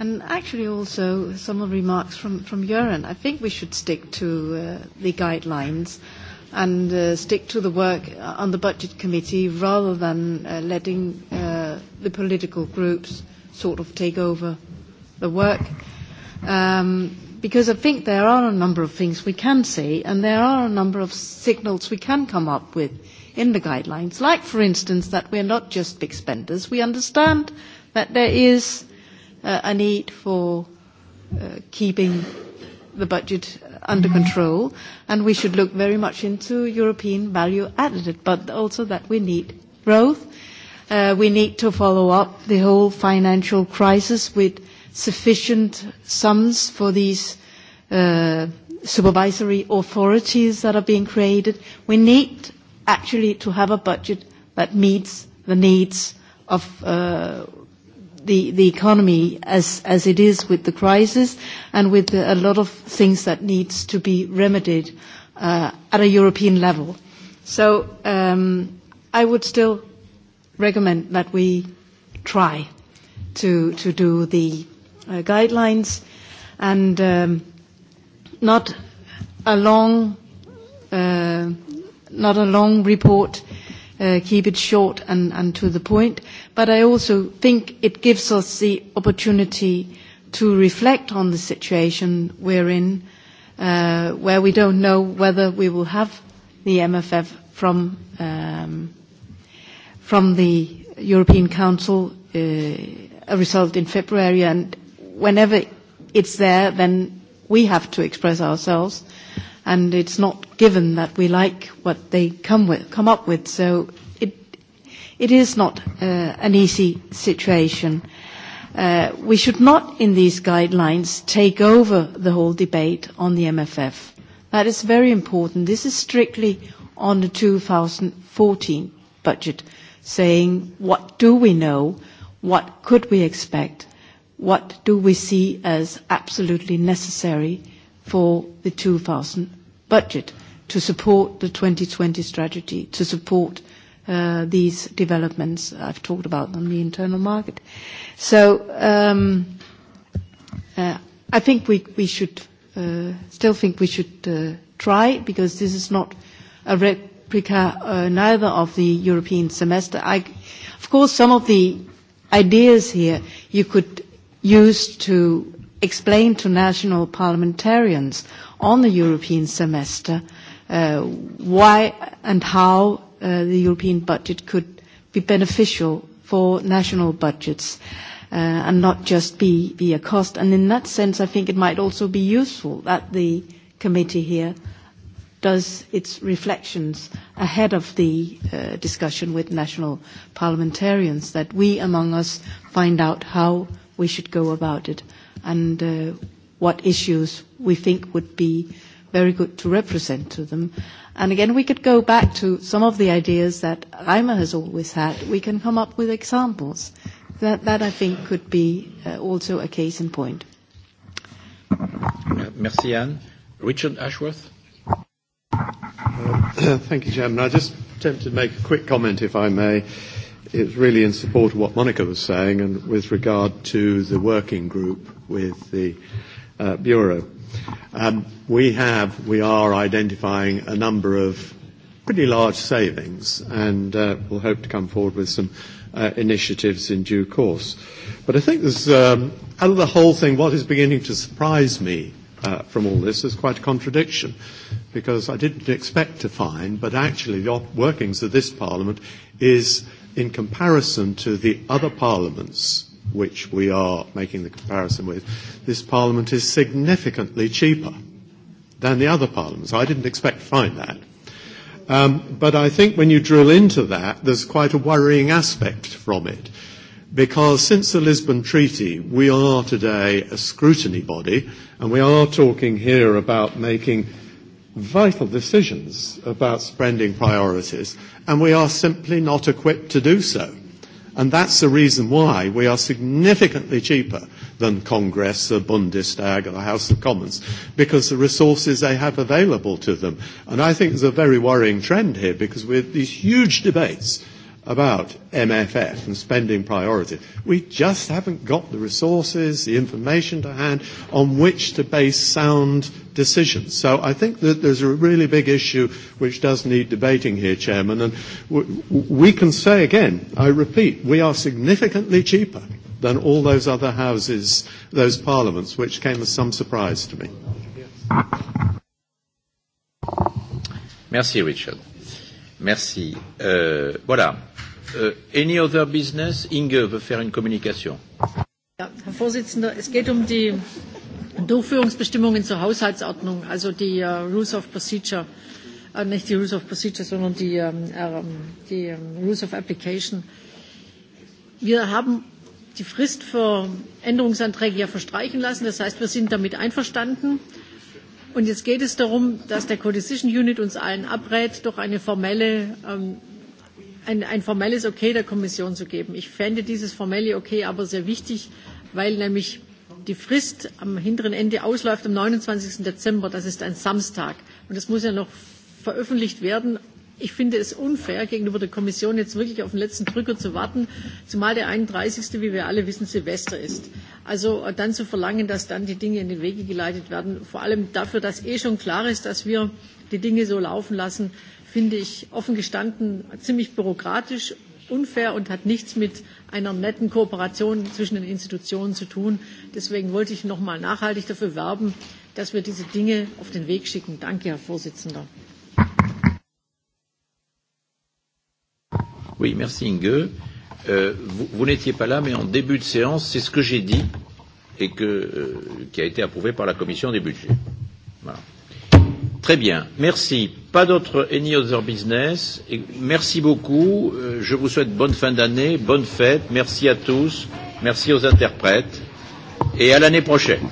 [SPEAKER 2] And actually, also some of the remarks from from Göran. I think we should stick to uh, the guidelines and uh, stick to the work on the budget committee rather than uh, letting uh, the political groups sort of take over the work. Um, because I think there are a number of things we can say, and there are a number of signals we can come up with in the guidelines. Like, for instance, that we're not just big spenders. We understand that there is uh, a need for uh, keeping the budget under mm-hmm. control, and we should look very much into European value added, but also that we need growth. Uh, we need to follow up the whole financial crisis with sufficient sums for these uh, supervisory authorities that are being created. We need actually to have a budget that meets the needs of uh, the, the economy as, as it is with the crisis and with a lot of things that needs to be remedied uh, at a European level. So um, I would still recommend that we try to, to do the uh, guidelines and um, not a long, uh, not a long report Uh, keep it short and, and to the point. But I also think it gives us the opportunity to reflect on the situation we're in, uh, where we don't know whether we will have the MFF from, um, from the European Council, uh, a result in February, and whenever it's there, then we have to express ourselves and it's not given that we like what they come with, come up with. So it it is not uh, an easy situation. Uh, we should not, in these guidelines, take over the whole debate on the MFF. That is very important. This is strictly on the 2014 budget, saying what do we know, what could we expect, what do we see as absolutely necessary for the 2000 budget to support the 2020 strategy, to support uh, these developments I've talked about on the internal market. So um, uh, I think we, we should uh, still think we should uh, try because this is not a replica uh, neither of the European semester. I, of course, some of the ideas here you could use to explain to national parliamentarians on the European semester uh, why and how uh, the European budget could be beneficial for national budgets uh, and not just be, be a cost. And in that sense, I think it might also be useful that the committee here does its reflections ahead of the uh, discussion with national parliamentarians, that we among us find out how we should go about it and uh, what issues we think would be very good to represent to them. And again, we could go back to some of the ideas that Reimer has always had. We can come up with examples. That, that I think could be uh, also a case in point.
[SPEAKER 1] Merci, Anne. Richard Ashworth. Uh,
[SPEAKER 4] thank you, Chairman. I just attempted to make a quick comment, if I may. Uh, it's really in support of what Monica was saying and with regard to the working group with the uh, Bureau. Um, we have, we are identifying a number of pretty large savings and uh, we'll hope to come forward with some uh, initiatives in due course. But I think there's, um, out of the whole thing, what is beginning to surprise me uh, from all this is quite a contradiction because I didn't expect to find, but actually the workings of this Parliament is in comparison to the other parliaments which we are making the comparison with, this parliament is significantly cheaper than the other parliaments. I didn't expect to find that. Um, but I think when you drill into that, there's quite a worrying aspect from it. Because since the Lisbon Treaty, we are today a scrutiny body, and we are talking here about making vital decisions about spending priorities, and we are simply not equipped to do so. And that's the reason why we are significantly cheaper than Congress, the Bundestag, or the House of Commons, because the resources they have available to them. And I think there's a very worrying trend here, because with these huge debates about MFF and spending priority. We just haven't got the resources, the information to hand on which to base sound decisions. So I think that there's a really big issue which does need debating here, Chairman. And w- we can say again, I repeat, we are significantly cheaper than all those other houses, those parliaments, which came as some surprise to me.
[SPEAKER 1] Merci, Richard. Merci. Euh, voilà. Uh, any other business? Inge veut faire une communication.
[SPEAKER 7] Ja, Herr Vorsitzender, es geht um die Durchführungsbestimmungen zur Haushaltsordnung, also die uh, Rules of Procedure, uh, nicht die Rules of Procedure, sondern die, um, die um, Rules of Application. Wir haben die Frist für Änderungsanträge ja verstreichen lassen. Das heißt, wir sind damit einverstanden. Und jetzt geht es darum, dass der Co-Decision Unit uns allen abrät, durch eine formelle ähm, ein, ein formelles Okay der Kommission zu geben. Ich fände dieses formelle Okay aber sehr wichtig, weil nämlich die Frist am hinteren Ende ausläuft am 29. Dezember. Das ist ein Samstag. Und es muss ja noch veröffentlicht werden. Ich finde es unfair, gegenüber der Kommission jetzt wirklich auf den letzten Drücker zu warten, zumal der 31., wie wir alle wissen, Silvester ist. Also äh, dann zu verlangen, dass dann die Dinge in den Wege geleitet werden, vor allem dafür, dass eh schon klar ist, dass wir die Dinge so laufen lassen, finde ich offen gestanden ziemlich bürokratisch, unfair und hat nichts mit einer netten Kooperation zwischen den Institutionen zu tun. Deswegen wollte ich noch nochmal nachhaltig dafür werben, dass wir diese Dinge auf den Weg schicken. Danke, Herr Vorsitzender.
[SPEAKER 1] Oui, merci Inge. Euh, vous vous n'étiez pas là, mais en début de séance, c'est ce que j'ai dit et que, euh, qui a été approuvé par la commission des budgets. Voilà. Très bien, merci. Pas d'autres any other business. Et merci beaucoup. Euh, je vous souhaite bonne fin d'année, bonne fête. Merci à tous. Merci aux interprètes. Et à l'année prochaine.